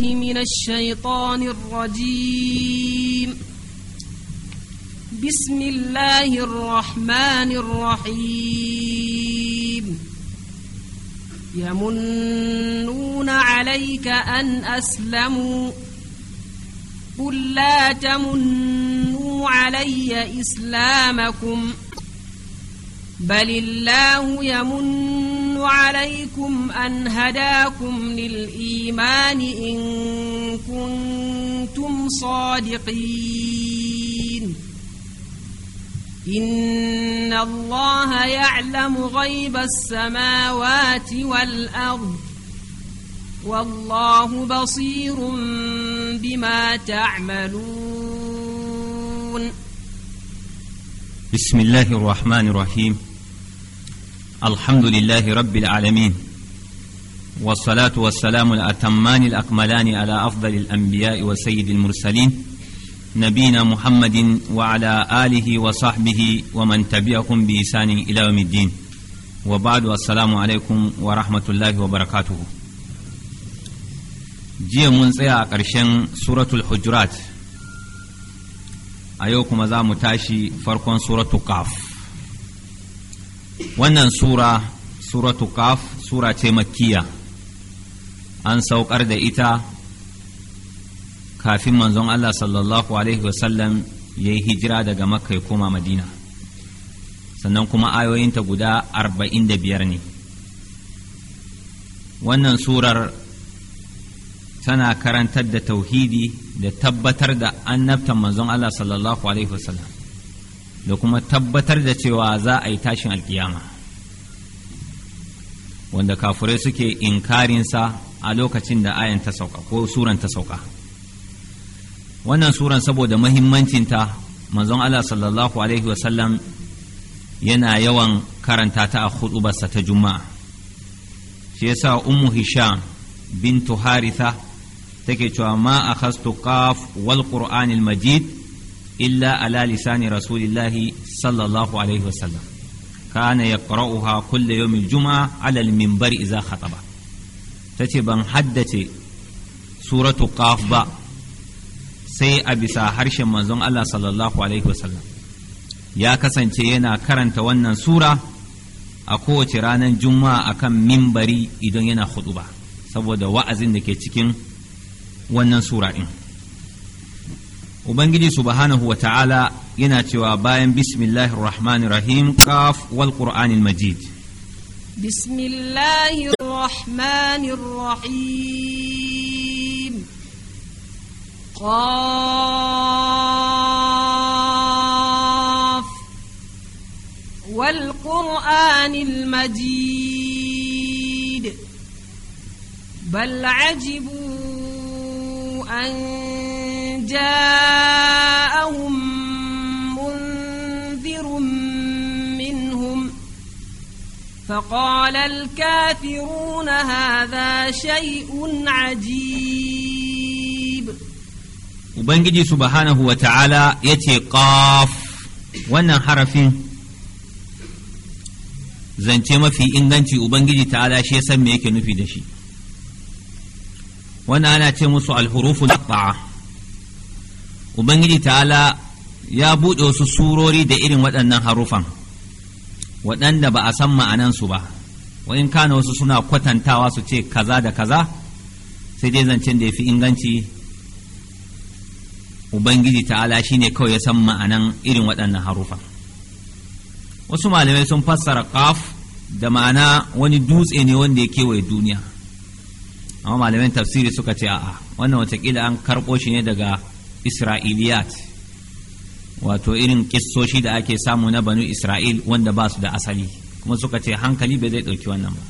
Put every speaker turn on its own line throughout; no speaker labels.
من الشيطان الرجيم بسم الله الرحمن الرحيم يمنون عليك أن أسلموا قل لا تمنوا علي إسلامكم بل الله يمن عليكم أن هداكم للإيمان إن كنتم صادقين إن الله يعلم غيب السماوات والأرض والله بصير بما تعملون
بسم الله الرحمن الرحيم الحمد لله رب العالمين والصلاة والسلام الأتمان الأكملان على أفضل الأنبياء وسيد المرسلين نبينا محمد وعلى آله وصحبه ومن تبعهم بإحسان إلى يوم الدين وبعد السلام عليكم ورحمة الله وبركاته jiya mun tsaya a ƙarshen suratul hujurat a yau kuma za mu tashi farkon suratul kaf wannan sura suratu kaf sura ce makkiya an saukar da ita kafin manzon Allah sallallahu alaihi wasallam ya yi hijira daga makka ya koma madina sannan kuma ayoyinta guda arba'in ne wannan surar tana karantar da tauhidi da tabbatar da annabtan manzon Allah sallallahu alaihi wasallam da kuma tabbatar da cewa za a yi tashin alkiyama wanda kafurai suke inkarinsa a lokacin da ayan ta sauka ko suran ta sauka wannan suran saboda mahimmancinta manzon Allah sallallahu alaihi wasallam yana yawan karanta ta a hudubarsa ta juma'a shi yasa ummu hisham bintu haritha take cewa ma akhastu qaf wal qur'anil majid illa ala lisani rasulillahi sallallahu alaihi wasallam kana yaqra'uha kulla yawmil juma'a ala al-minbar idza khataba tace ban haddace suratu qaf ba sai a bisa harshen manzon Allah sallallahu alaihi wasallam ya kasance yana karanta wannan sura a kowace ranar juma'a kan mimbari idan yana huɗu ba saboda wa'azin da ke cikin wannan sura ɗin. ubangiji subhanahu wataala yana cewa bayan bismillahir rahmanir rahim qaf wal qur'anil majid
bismillahir rahmanir rahim qaf wal qur'anil majid بل عجبوا أن جاءهم منذر منهم فقال الكافرون هذا شيء عجيب
وبنجي سبحانه وتعالى يتي قاف وانا حرفين zance mafi inganci ubangiji ta'ala shi ya san me yake nufi da shi wannan ana ce musu alhuruful qatta'a ubangiji ta'ala ya buɗe wasu surori da irin waɗannan harufan waɗanda ba a san ma'anansu ba wa'in kana wasu suna kwatantawa su ce kaza da kaza sai dai zancen da ya fi inganci ubangiji ta'ala shine kawai ya san ma'anan irin waɗannan harufan wasu malamai sun fassara kaf da ma'ana wani dutse ne wanda ya kewaye duniya amma malamai tafsiri suka ce a'a wannan watakila an karɓo shi ne daga isra'iliyat wato irin kissoshi da ake samu na banu isra'il wanda ba su da asali kuma suka ce hankali bai zai ɗauki wannan ba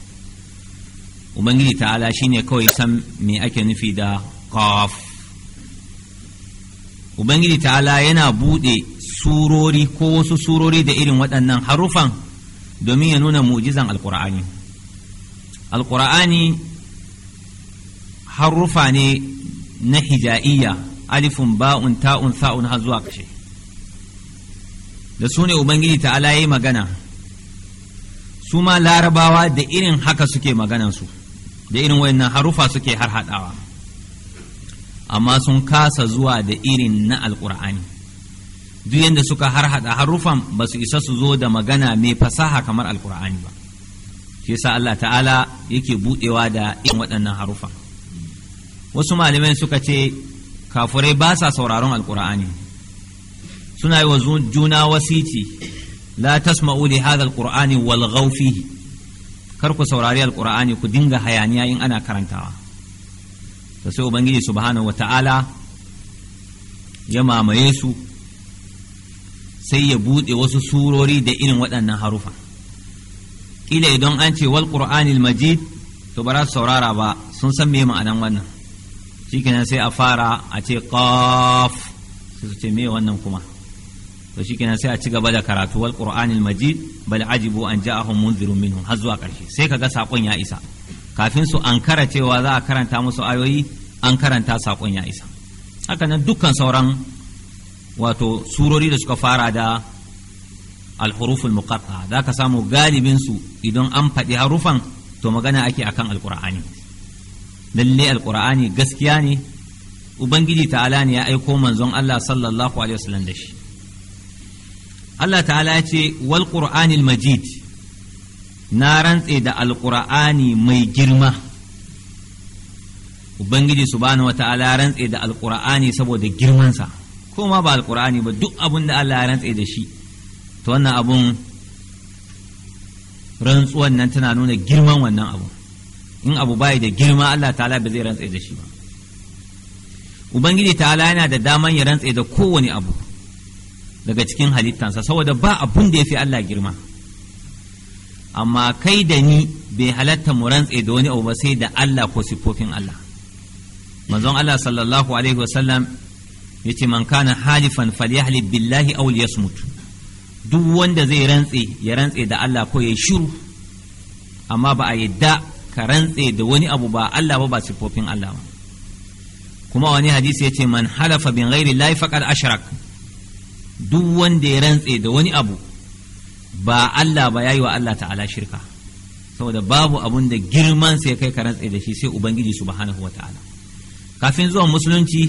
ubangiji ta'ala ne kawai san me ake nufi da kawaf ubangiji ta'ala yana buɗe surori ko wasu surori da irin waɗannan harufan domin ya nuna mu'jizan alkur'ani alkur'ani harufa ne na hija'iyya alifun ba'un ta'un sa'un har zuwa da su ubangiji ta ya magana su ma larabawa da irin haka suke maganansu da irin wayannan harufa suke har haɗawa amma sun kasa zuwa da irin na alƙur'ani duk yadda suka har haɗa harufan ba su isa su zo da magana mai fasaha kamar alƙur'ani ba shi yasa Allah ta'ala yake buɗewa da irin waɗannan harufa wasu malamai suka ce kafurai ba sa sauraron alkur'ani suna yi wa juna wasiti la tasma'u li hadha alqur'ani wal fihi kar ku saurari alqur'ani ku dinga hayaniya in ana karantawa to sai ubangiji subhanahu wata'ala ya mamaye su sai ya buɗe wasu surori da irin waɗannan harufa ƙila idan an ce wal qur'anil majid to ba za su saurara ba sun san me ma'anan wannan shikenan sai a fara a ce qaf sai su ce me wannan kuma to shikenan sai a ci gaba da karatu wal qur'anil majid bal ajibu an ja'ahum munzirun minhum har zuwa karshe sai kaga sakon ya isa kafin su ankara cewa za a karanta musu ayoyi an karanta sakon ya isa hakanan dukkan sauran wato surori da suka fara da alhuruful muqatta za ka samu galibin su idan an faɗi harufan to magana ake akan alqur'ani lalle alkur'ani gaskiya ne ubangiji ta'ala ne ya aiko manzon Allah sallallahu alaihi wasallam da shi Allah ta'ala ya ce wal qur'anil majid na rantse da alqur'ani mai girma ubangiji subhanahu wata'ala rantse da alkur'ani saboda girmansa ko ma ba alqur'ani ba duk abun da Allah ya rantse da shi to wannan abun rantsuwan nan tana nuna girman wannan abun. in abu bai da girma Allah ta'ala ba zai rantse da shi ba ubangiji ta'ala yana da daman ya rantse da kowane abu daga cikin halittansa saboda ba abun da ya fi Allah girma amma kai da ni bai halatta mu rantse da wani abu ba sai da Allah ko siffofin Allah manzon Allah sallallahu alaihi wasallam yace man kana halifan falyahlib billahi aw liyasmut duk wanda zai rantse ya rantse da Allah ko ya shiru amma ba a yadda ka rantse da wani abu ba Allah ba ba siffofin Allah ba kuma wani hadisi ya ce man halafa bin ghairi lahi faqad ashrak duk wanda ya rantse da wani abu ba Allah ba yayi wa Allah ta'ala shirka saboda babu abun da girman sai kai ka rantse da shi sai ubangiji subhanahu wata'ala kafin zuwa musulunci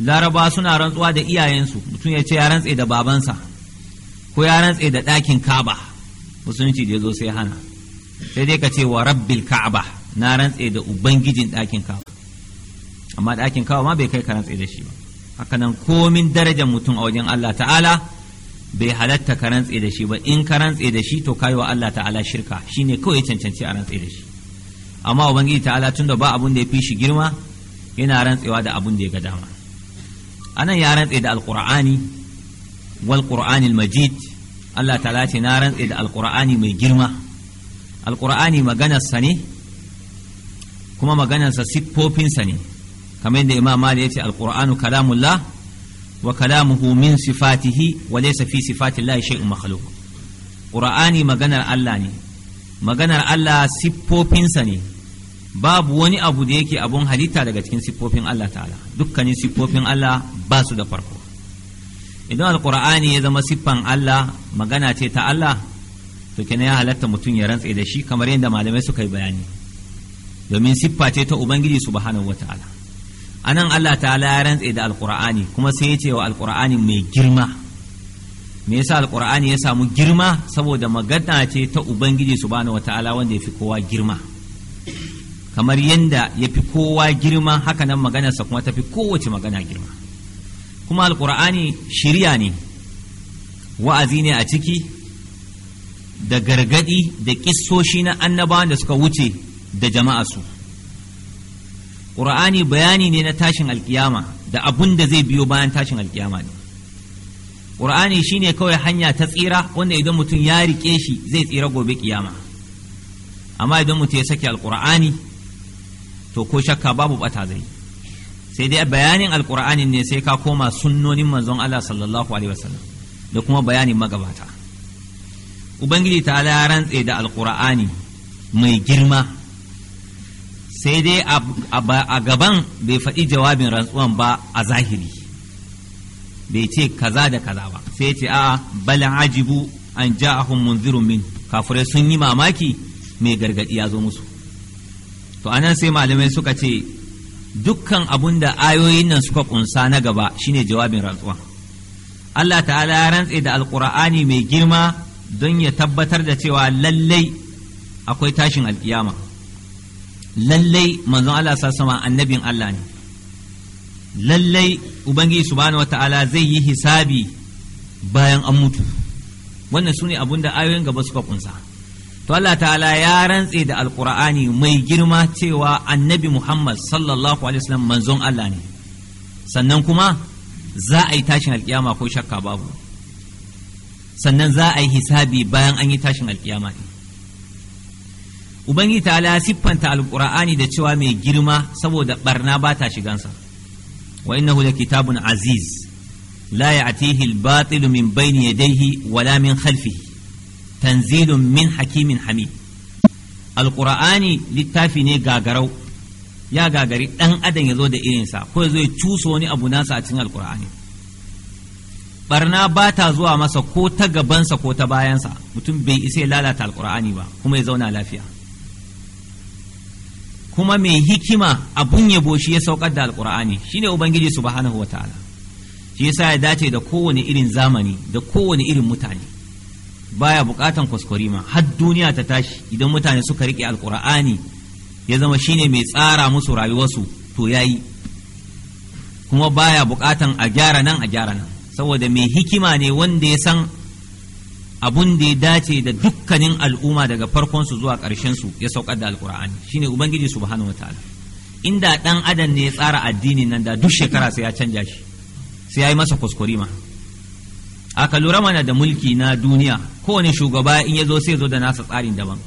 laraba suna rantsuwa da iyayensu mutum ya ce ya rantse da babansa ko ya rantse da ɗakin kaba musulunci da ya zo sai hana sai dai ka ce wa rabbil ka'aba na rantse da ubangijin ɗakin ka'aba amma ɗakin ka'aba ma bai kai ka rantse da shi ba haka nan komin darajar mutum a wajen Allah ta'ala bai halatta ka rantse da shi ba in ka rantse da shi to kai wa Allah ta'ala shirka shine kawai cancanci a rantse da shi amma ubangiji ta'ala tunda ba abun da ya fi shi girma yana rantsewa da abun da ya ga dama anan ya rantse da alqur'ani wal qur'anil majid Allah ta'ala ce na rantse da alqur'ani mai girma alkur'ani maganarsa ne kuma maganarsa siffofinsa ne kamar yadda imam mali ya ce alkur'anu kalamullah wa kalamuhu min sifatihi wa laysa fi sifatillahi shay'un makhluq qur'ani maganar Allah ne maganar Allah siffofinsa ne babu wani abu da yake abun halitta daga cikin siffofin Allah ta'ala dukkanin siffofin Allah ba su da farko idan alkur'ani ya zama siffan Allah magana ce ta Allah to kenan ya halatta mutum ya rantse da shi kamar yadda malamai suka yi bayani domin siffa ce ta ubangiji subhanahu wataala anan Allah ta'ala ya rantse da alqur'ani kuma sai ya ce wa alqur'ani mai girma me yasa alqur'ani ya samu girma saboda magana ce ta ubangiji subhanahu wataala wanda ya fi kowa girma kamar yadda yafi kowa girma haka nan maganarsa kuma ta kowace magana girma kuma alkur'ani shirya ne wa'azi ne a ciki da gargadi da kissoshi na annabawan da suka wuce da jama'a su ƙur'ani bayani ne na tashin alkiyama da abun da zai biyo bayan tashin alkiyama ne ƙur'ani shine kawai hanya ta tsira wanda idan mutum ya riƙe shi zai tsira gobe kiyama amma idan mutum ya sake alƙur'ani to ko shakka babu bata zai sai dai bayanin Alƙur'ani ne sai ka koma sunnonin manzon Allah sallallahu alaihi wasallam da kuma bayanin magabata ubangiji ta ala rantse da alkur'ani mai girma sai dai a gaban bai faɗi jawabin rantsuwan ba a zahiri bai ce kaza da kaza ba sai ce a bal ajibu an ja'ahum munzirun min kafure sun yi mamaki mai gargaɗi ya zo musu to anan sai malamai suka ce dukkan abun da ayoyin nan suka kunsa na gaba shine jawabin rantsuwa Allah ta'ala ya rantse da alkur'ani mai girma don ya tabbatar da cewa lallai akwai tashin alkiyama lallai manzon Allah sama annabin Allah ne lallai ubangiji subhanahu wata'ala zai yi hisabi bayan an mutu wannan su ne abin da ayoyin gaba suka kunsa to Allah ta'ala ya rantse da alkur'ani mai girma cewa annabi Muhammad sallallahu alaihi manzon Allah ne sannan kuma za a yi tashin alkiyama ko shakka babu sannan za a yi hisabi bayan an yi tashin alkiyama din ubangiji ta'ala siffanta alqur'ani da cewa mai girma saboda barna ba ta shigansa wa innahu la kitabun aziz la ya'tihi al-batil min bayni yadayhi wala min khalfihi tanzilun min hakimin hamid alqur'ani littafi ne gagarau ya gagari dan adam ya zo da irinsa ko ya zo ya cusa wani abu nasa a cikin alqur'ani barna ba ta zuwa masa ko ta gabansa ko ta bayansa mutum bai isa ya lalata alkur'ani ba kuma ya zauna lafiya kuma mai hikima abun yabo shi ya saukar da alkur'ani shine ubangiji subhanahu wataala shi yasa ya dace da kowane irin zamani da kowane irin mutane baya bukatan ma har duniya ta tashi idan mutane suka rike alkur'ani ya zama shine mai tsara musu rayuwarsu to yayi kuma baya bukatan a gyara nan a gyara nan saboda mai hikima ne wanda ya san abun da ya dace da dukkanin al'umma daga farkonsu zuwa su ya saukar da alkur'ani shine ubangiji subhanahu wataala inda dan adam ne ya tsara addini nan da duk shekara sai ya canja shi sai ya masa kuskure ma aka lura mana da mulki na duniya kowane shugaba in ya zo sai zo da nasa tsarin daban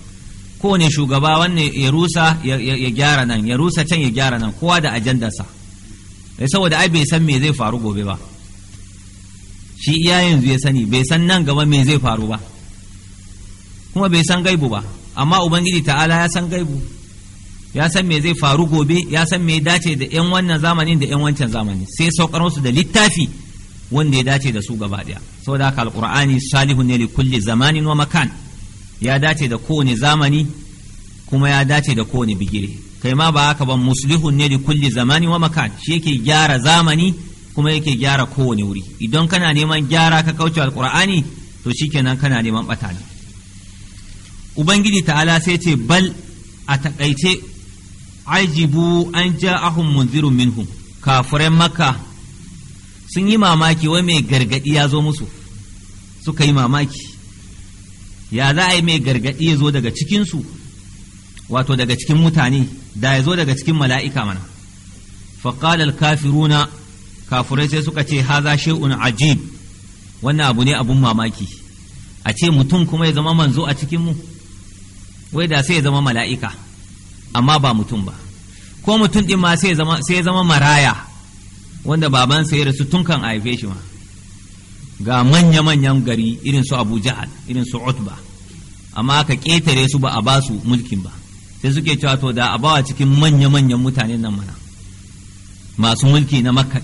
kowane shugaba wannan ya rusa ya gyara nan ya rusa can ya gyara nan kowa da ajandarsa eh, saboda ai bai san me zai faru gobe ba shi iya yanzu ya sani bai san nan gaba me zai faru ba kuma bai san gaibu ba amma ubangiji ta'ala ya san gaibu ya san me zai faru gobe ya san me dace da yan wannan zamanin da yan wancan zamani sai saukar musu da littafi wanda ya dace da su gaba daya da haka alkur'ani salihu ne zamanin wa makan ya dace da kowane zamani kuma ya dace da kowane bigire kai ma ba haka ba muslihu ne li zamanin wa makan shi yake gyara zamani kuma yake gyara kowane wuri idan kana neman gyara ka kauce alkur'ani to shikenan kana neman bata ne ubangiji ta'ala sai ce bal a takaice ajibu an ja'ahum munzirun minhum kafirai makka sun yi mamaki wai mai gargadi ya zo musu suka yi mamaki ya za a yi mai gargadi ya zo daga cikinsu wato daga cikin mutane da ya zo daga cikin mala'ika mana faƙalar kafiruna kafurai sai suka ce haza shay'un ajib wannan abu ne abun mamaki a ce mutum kuma ya zama manzo a cikin mu wai da sai ya zama mala'ika amma ba mutum ba ko mutum din ma sai ya zama maraya wanda babansa ya rasu tun kan haife shi ma ga manya-manyan gari irin su abu jahal irin su utba amma aka ƙetare su ba a ba su mulkin ba sai suke cewa to da a bawa cikin manya-manyan mutanen nan mana masu mulki na makka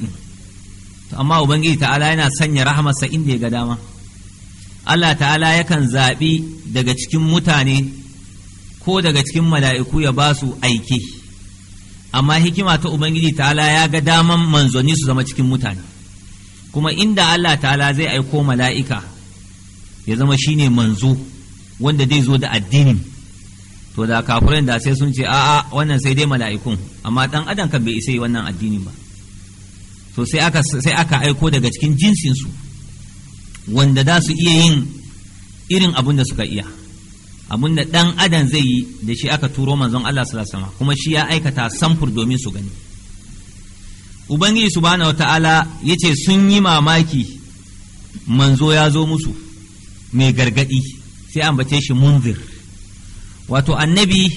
amma ubangiji ta'ala yana sanya rahamarsa inda ya ga dama Allah ta'ala yakan zaɓi daga cikin mutane ko daga cikin mala'iku ya ba su aiki amma hikima ta ubangiji ta'ala ya ga daman manzoni su zama cikin mutane kuma inda Allah ta'ala zai aiko mala'ika ya zama shine manzo wanda zai zo da addinin to da kafirin da sai sun ce a'a wannan sai dai mala'ikun amma dan adam kan bai isa wannan addinin ba to sai aka aiko daga cikin jinsin su wanda za su iya yin irin abin da suka iya abin da dan adam zai yi da shi aka turo manzon Allah sallallahu alaihi wasallam kuma shi ya aikata samfur domin su gani ubangiji subhanahu wataala yace sun yi mamaki manzo ya zo musu mai gargadi sai ambace shi munzir wato annabi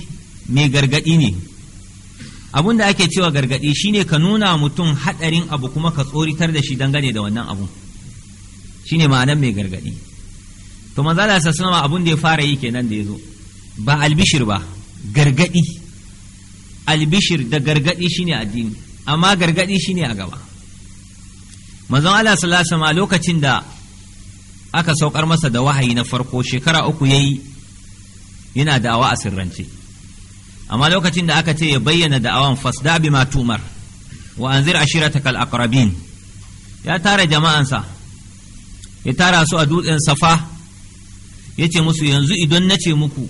mai gargadi ne abun da ake cewa gargaɗi shine ka nuna mutum hadarin abu kuma ka tsoritar da shi dangane da wannan abun shine ma'anar mai gargadi to manzo Allah sallallahu abun da ya fara yi kenan da yazo ba albishir ba gargadi albishir da gargaɗi shine addini amma gargadi shine a gaba manzo Allah sallallahu alaihi lokacin da aka saukar masa da wahayi na farko shekara uku yayi yana da'awa a sirrance amma lokacin da aka ce ya bayyana da'awan fasda bi ma tumar wa anzir kal aqrabin ya tara jama'ansa ya tara su a dutsen safa ya ce musu yanzu idan na ce muku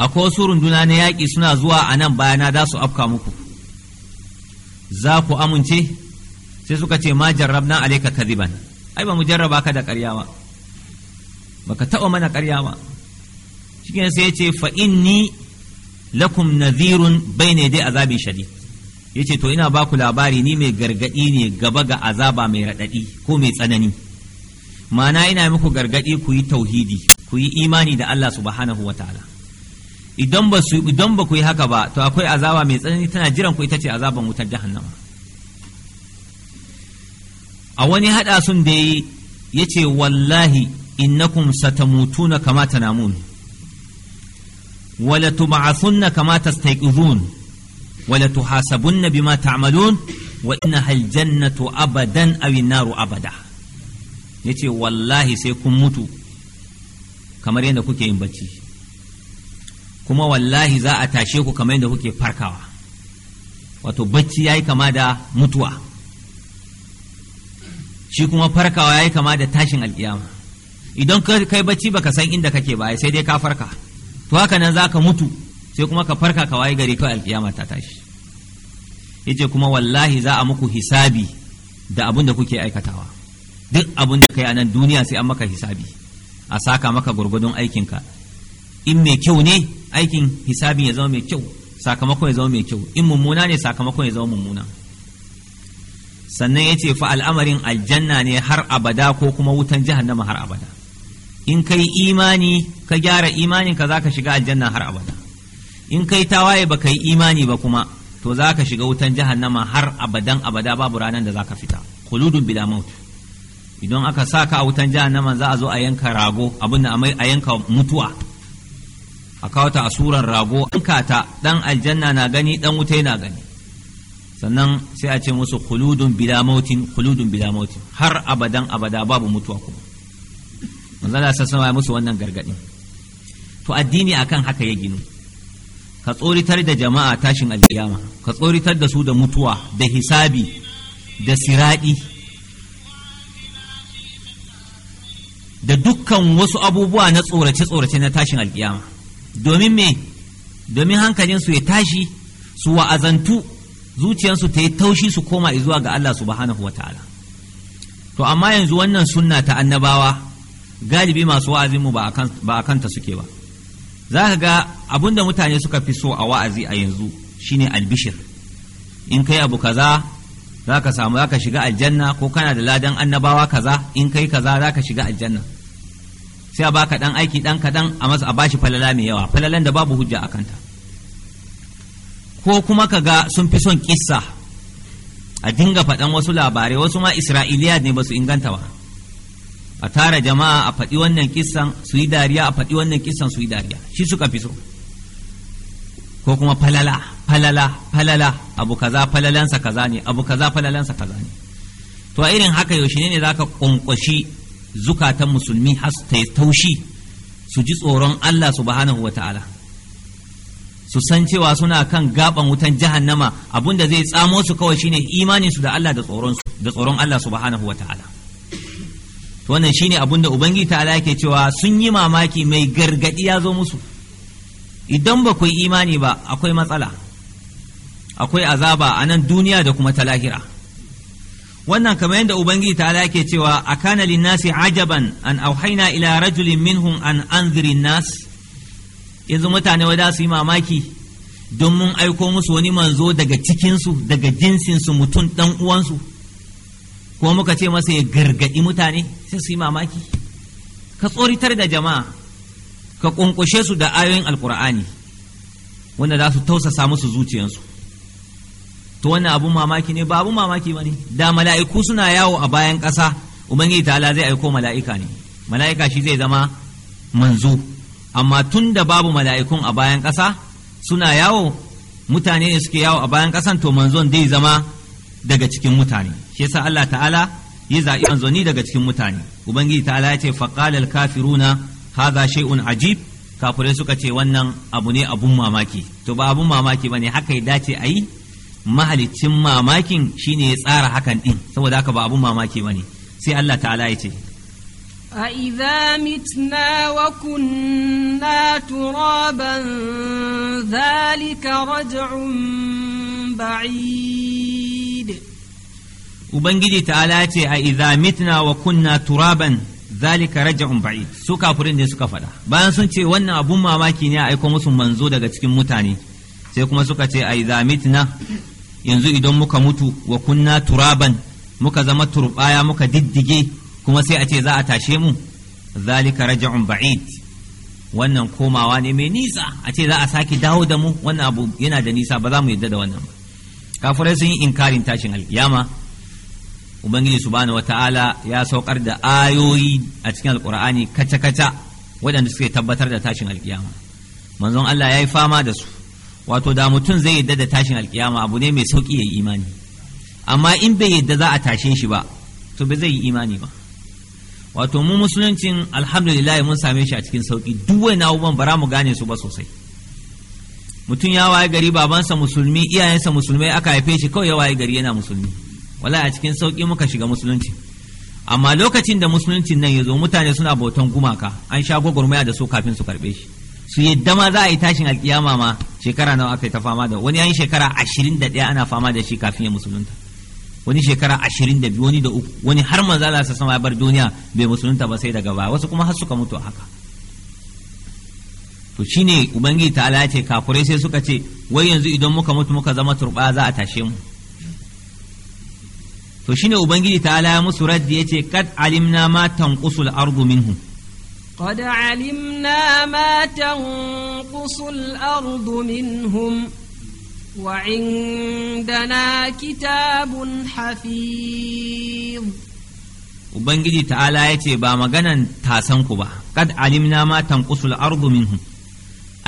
akwai wasu runduna na yaƙi suna zuwa a nan na za su afka muku za ku amince sai suka ce ma jarrabna alaika kadiban ai ba mu jarraba ka da karyawa baka taɓa mana karyawa cikin sai ya ce fa inni lakum nadhirun ne dai azabi shadid yace to ina baku labari ni mai gargadi ne gaba ga azaba mai radadi ko mai tsanani ma'ana ina muku gargadi ku yi tauhidi ku yi imani da Allah subhanahu wataala idan ba su idan ba ku yi haka ba to akwai azaba mai tsanani tana jiran ku ita ce azaban wutar jahannama a wani hada sun da yace wallahi innakum satamutuna kama tanamun wala tub'athunna kama tastayqizun wala tuhasabunna bima ta'malun wa innaha aljannatu abadan aw naru abada yace wallahi sai kun mutu kamar yadda kuke yin bacci kuma wallahi za a tashe ku kamar yadda kuke farkawa wato bacci yayi kama da mutuwa shi kuma farkawa yayi kama da tashin alkiyama idan kai bacci baka san inda kake ba sai dai ka farka to haka nan za ka mutu sai kuma ka farka ka waye gari kawai alkiyama ta tashi yace kuma wallahi za a muku hisabi da abin da kuke aikatawa duk abin da kai a nan duniya sai an maka hisabi a saka maka gurgudun aikinka in mai kyau ne aikin hisabin ya zama mai kyau sakamakon ya zama mai kyau in mummuna ne sakamakon ya zama mummuna sannan ya ce fa al'amarin aljanna ne har abada ko kuma wutan jahannama har abada in kai imani ka gyara imanin ka shiga aljanna har abada in kai tawaye ba kai imani ba kuma to ka shiga wutan jahannama har abadan abada babu ranar da zaka fita kuludun bila maut idan aka saka a wutan jahannama za a zo a yanka rago abin da a yanka mutuwa a kawata a suran rago an kata dan aljanna na gani dan wuta yana gani sannan sai a ce musu kuludun bila mautin khuludun bila mautin har abadan abada babu mutuwa kuma manzala sassama ya musu wannan gargaɗin to addini akan haka ya ginu ka tsoritar da jama'a tashin alkiyama ka tsoritar da su da mutuwa da hisabi da siraɗi da dukkan wasu abubuwa na tsorace-tsorace na tashin alkiyama domin me domin hankalinsu ya tashi su wa'azantu zuciyarsu ta yi taushi su koma zuwa ga Allah subhanahu wa ta'ala to amma yanzu wannan sunna ta annabawa galibi masu wa'azinmu ba a kanta suke ba za ka ga abin da mutane suka fi so a wa'azi a yanzu shine albishir in kai abu kaza za ka samu za ka shiga aljanna ko kana da ladan annabawa kaza in kai kaza za ka shiga aljanna sai a baka dan aiki dan kadan a masa a bashi falala mai yawa falalan da babu hujja a kanta ko kuma ka ga sun fi son kissa a dinga faɗan wasu labarai wasu ma isra'iliya ne ba su inganta ba a tara jama'a a faɗi wannan kisan su yi dariya a faɗi wannan kisan su yi dariya shi suka fi so ko kuma falala falala falala abu kaza falalansa kaza ne abu kaza falalansa kaza ne to a irin haka yaushe ne za ka ƙwanƙwashi zukatan musulmi har su taushi su ji tsoron Allah subhanahu ta'ala su san cewa suna kan gaban wutan jahannama abinda zai tsamo su kawai shine imanin su da Allah da tsoron da tsoron Allah subhanahu ta'ala wannan shine abun da ubangiji ta yake cewa sun yi mamaki mai gargadi ya zo musu idan ba ku imani ba akwai matsala akwai azaba a nan duniya da kuma ta lahira wannan kamar yadda ubangiji ta yake cewa a kana linnasi ajaban an auhaina ila rajulin minhum an anzirin nas yanzu mutane wada su yi mamaki don mun aiko musu wani manzo daga cikinsu daga jinsinsu mutum ɗan uwansu kuma muka ce masa ya gargaɗi mutane sai su yi mamaki ka tsoritar da jama'a ka ƙunƙushe su da ayoyin alkur'ani wanda za su tausasa musu zuciyarsu. to wannan abun mamaki ne ba abun mamaki ba ne da mala'iku suna yawo a bayan ƙasa ubangiji ta'ala zai aiko mala'ika ne mala'ika shi zai zama manzo amma tun da babu mala'ikun a bayan ƙasa suna yawo mutane ne suke yawo a bayan ƙasan to manzon zai zama daga cikin mutane shi yasa Allah ta'ala ya zaɓi ni daga cikin mutane ubangiji ta'ala ya ce faqala al-kafiruna hadha shay'un ajib kafirai suka ce wannan abu ne abun mamaki to ba abun mamaki bane haka ya dace ayi mahalicin mamakin shine ya tsara hakan din saboda haka ba abun mamaki bane sai Allah ta'ala ya ce
أإذا متنا وكنا ترابا ذلك رجع بعيد
ubangiji ta'ala ya ce a iza mitna wa kunna turaban zalika raja'un ba'id su kafirin ne suka faɗa bayan sun ce wannan abun mamaki ne a aiko musu manzo daga cikin mutane sai kuma suka ce a iza mitna yanzu idan muka mutu wa kunna turaban muka zama turbaya muka diddige kuma sai a ce za a tashe mu zalika raja'un ba'id wannan komawa ne mai nisa a ce za a sake dawo da mu wannan abu yana da nisa ba za mu yadda da wannan ba kafirai sun yi inkarin tashin alƙiyama. ubangiji subhanahu ta’ala ya saukar da ayoyi a cikin alkur'ani kaca-kaca waɗanda suke tabbatar da tashin alkiyama manzon Allah ya yi fama da su wato da mutum zai yadda da tashin alkiyama abu ne mai sauƙi ya yi imani amma in bai yadda za a tashe shi ba to bai zai yi imani ba wato mu musuluncin alhamdulillah mun same shi a cikin sauƙi duk wani abubuwan bara mu gane su ba sosai mutum ya waye gari babansa musulmi iyayensa musulmai aka haife shi kawai ya waye gari yana musulmi wala a cikin sauƙi muka shiga musulunci amma lokacin da musuluncin nan ya zo mutane suna bautan gumaka an sha gwagwarmaya da su kafin su karɓe shi su yadda ma za a yi tashin alkiyama ma shekara nawa aka yi ta fama da wani yan shekara ashirin da ɗaya ana fama da shi kafin ya musulunta wani shekara ashirin da biyu wani da uku wani har manzo Allah sa sama ya bar duniya bai musulunta ba sai daga baya wasu kuma har suka mutu haka to shine ubangiji ta ya ce kafurai sai suka ce wai yanzu idan muka mutu muka zama turba za a tashe mu to shine ubangiji ta ala musu raddi yace kad alimna ma tanqusul ardu
qad Alimna ma tanqusul ardu minhum wa indana kitabun hafiz
Ubangiji ta'ala ya ce ba maganan ku ba, kad alimna ma tanqusul ardu minhum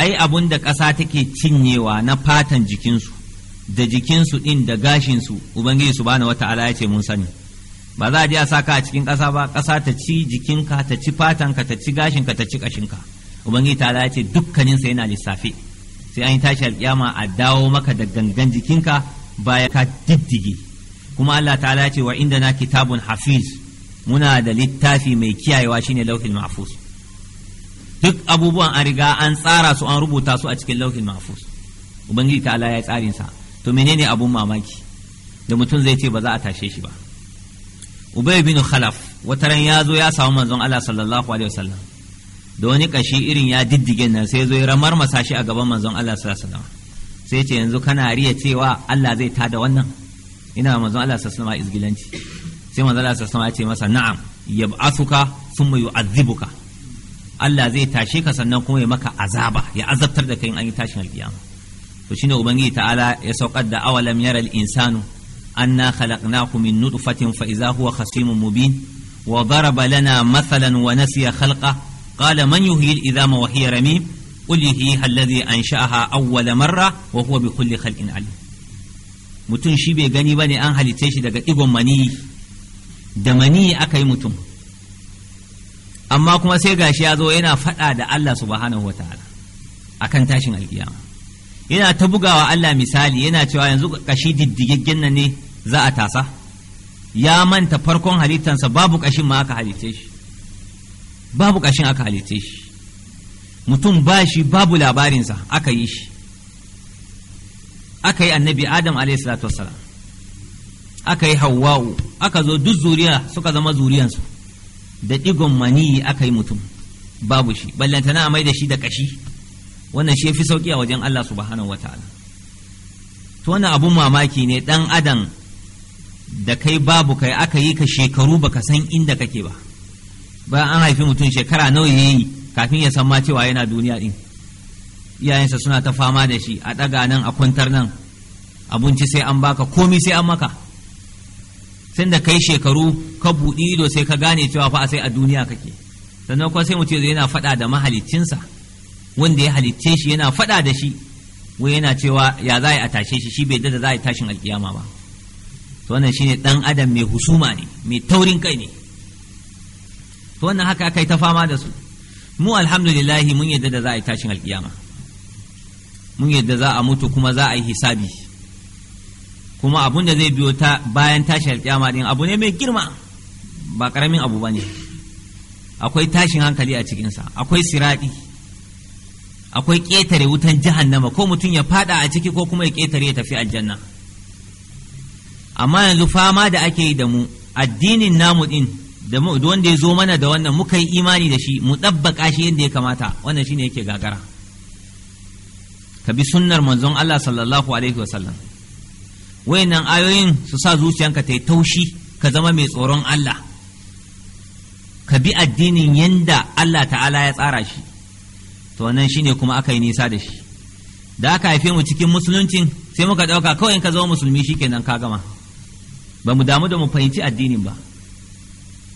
ai abun da ƙasa take cinyewa na fatan jikinsu da jikinsu ɗin da gashinsu ubangiji wata ala ya ce mun sani ba za a je a sa ka a cikin ƙasa ba ƙasa ta ci jikinka ta ci fatanka ta ci gashinka ta ci ƙashinka ubangiji ta ya ce dukkaninsa yana lissafi sai an yi tashi alƙiyama a dawo maka da gangan jikinka baya ka diddige kuma Allah ta ya ce wa inda na kitabun hafiz muna da littafi mai kiyayewa shine laukin mahfuz duk abubuwan an riga an tsara su an rubuta su a cikin lauhil mahfuz ubangiji ta ya tsarin sa to menene abun mamaki da mutum zai ce ba za a tashe shi ba ubay bin khalaf wata ran ya zo ya samu manzon Allah sallallahu alaihi wasallam da wani kashi irin ya diddige nan sai zo ya ramar masa shi a gaban manzon Allah sallallahu alaihi wasallam sai ce yanzu kana riya cewa Allah zai tada wannan ina manzon Allah sallallahu alaihi wasallam izgilanci sai manzon Allah sallallahu alaihi wasallam ya ce masa na'am yab'athuka thumma yu'adhibuka Allah zai tashe ka sannan kuma ya maka azaba ya azabtar da kai in an yi tashin alkiyama to shine ubangiji ta'ala ya saukar da awalam yaral insanu anna khalaqnahu min nutfatin fa idza huwa khasimun mubin wa daraba lana mathalan wa nasiya khalqa qala man yuhyi al-idhama wa hiya ramim qul yuhyiha alladhi ansha'aha awwala marra wa huwa bi kulli khalqin alim mutum shi bai gani bane an halitte shi daga digon mani da mani aka yi mutum amma kuma sai gashi ya zo yana faɗa da Allah subhanahu wa ta'ala akan tashin alkiyama yana ta bugawa Allah misali yana cewa yanzu kashi diddigaggen nan ne za a tasa ya manta farkon halittansa babu kashin ma aka halitte shi babu kashin aka halitte shi mutum ba shi babu labarinsa aka yi shi aka yi annabi adam salatu wassalam aka yi hawa'u aka zo duk zuriya suka zama zuriyansu da digon maniyi aka yi mutum babu shi ballantana a mai da shi da kashi wannan shi fi sauki a wajen Allah subhanahu ta'ala to wannan abun mamaki ne dan adam da kai babu kai aka yi ka shekaru baka san inda kake ba bayan an haifi mutum shekara nawa ya kafin ya san ma cewa yana duniya din iyayensa suna ta fama da shi a daga nan a kwantar nan abinci sai an baka komi sai an maka sai da kai shekaru ka buɗi ido sai ka gane cewa fa sai a duniya kake sannan kuma sai mutum yana faɗa da sa. wanda ya halicce shi yana faɗa da shi wai yana cewa ya za a tashe shi shi bai da za a tashin alkiyama ba to wannan shine dan adam mai husuma ne mai taurin kai ne to wannan haka kai ta fama da su mu alhamdulillah mun yadda da za a tashin alkiyama mun yadda za a mutu kuma za a yi hisabi kuma abun da zai biyo ta bayan tashin alkiyama din abu ne mai girma ba karamin abu bane akwai tashin hankali a cikinsa akwai siradi akwai ƙetare wutan jahannama ko mutum ya fada a ciki ko kuma ya ƙetare ya tafi aljanna amma yanzu fama da ake yi da mu addinin namu din da wanda ya zo mana da wannan muka yi imani da shi mu ɗabbaka shi yadda ya kamata wannan shine yake gagara ka bi sunnar manzon Allah sallallahu alaihi wasallam wayannan ayoyin su sa zuciyanka ta yi taushi ka zama mai tsoron Allah ka bi addinin yanda Allah ta'ala ya tsara shi to wannan ne kuma aka yi nisa da shi da aka haife mu cikin musuluncin sai muka ɗauka kawai in ka zama musulmi shikenan ka gama ba mu damu da mu fahimci addinin ba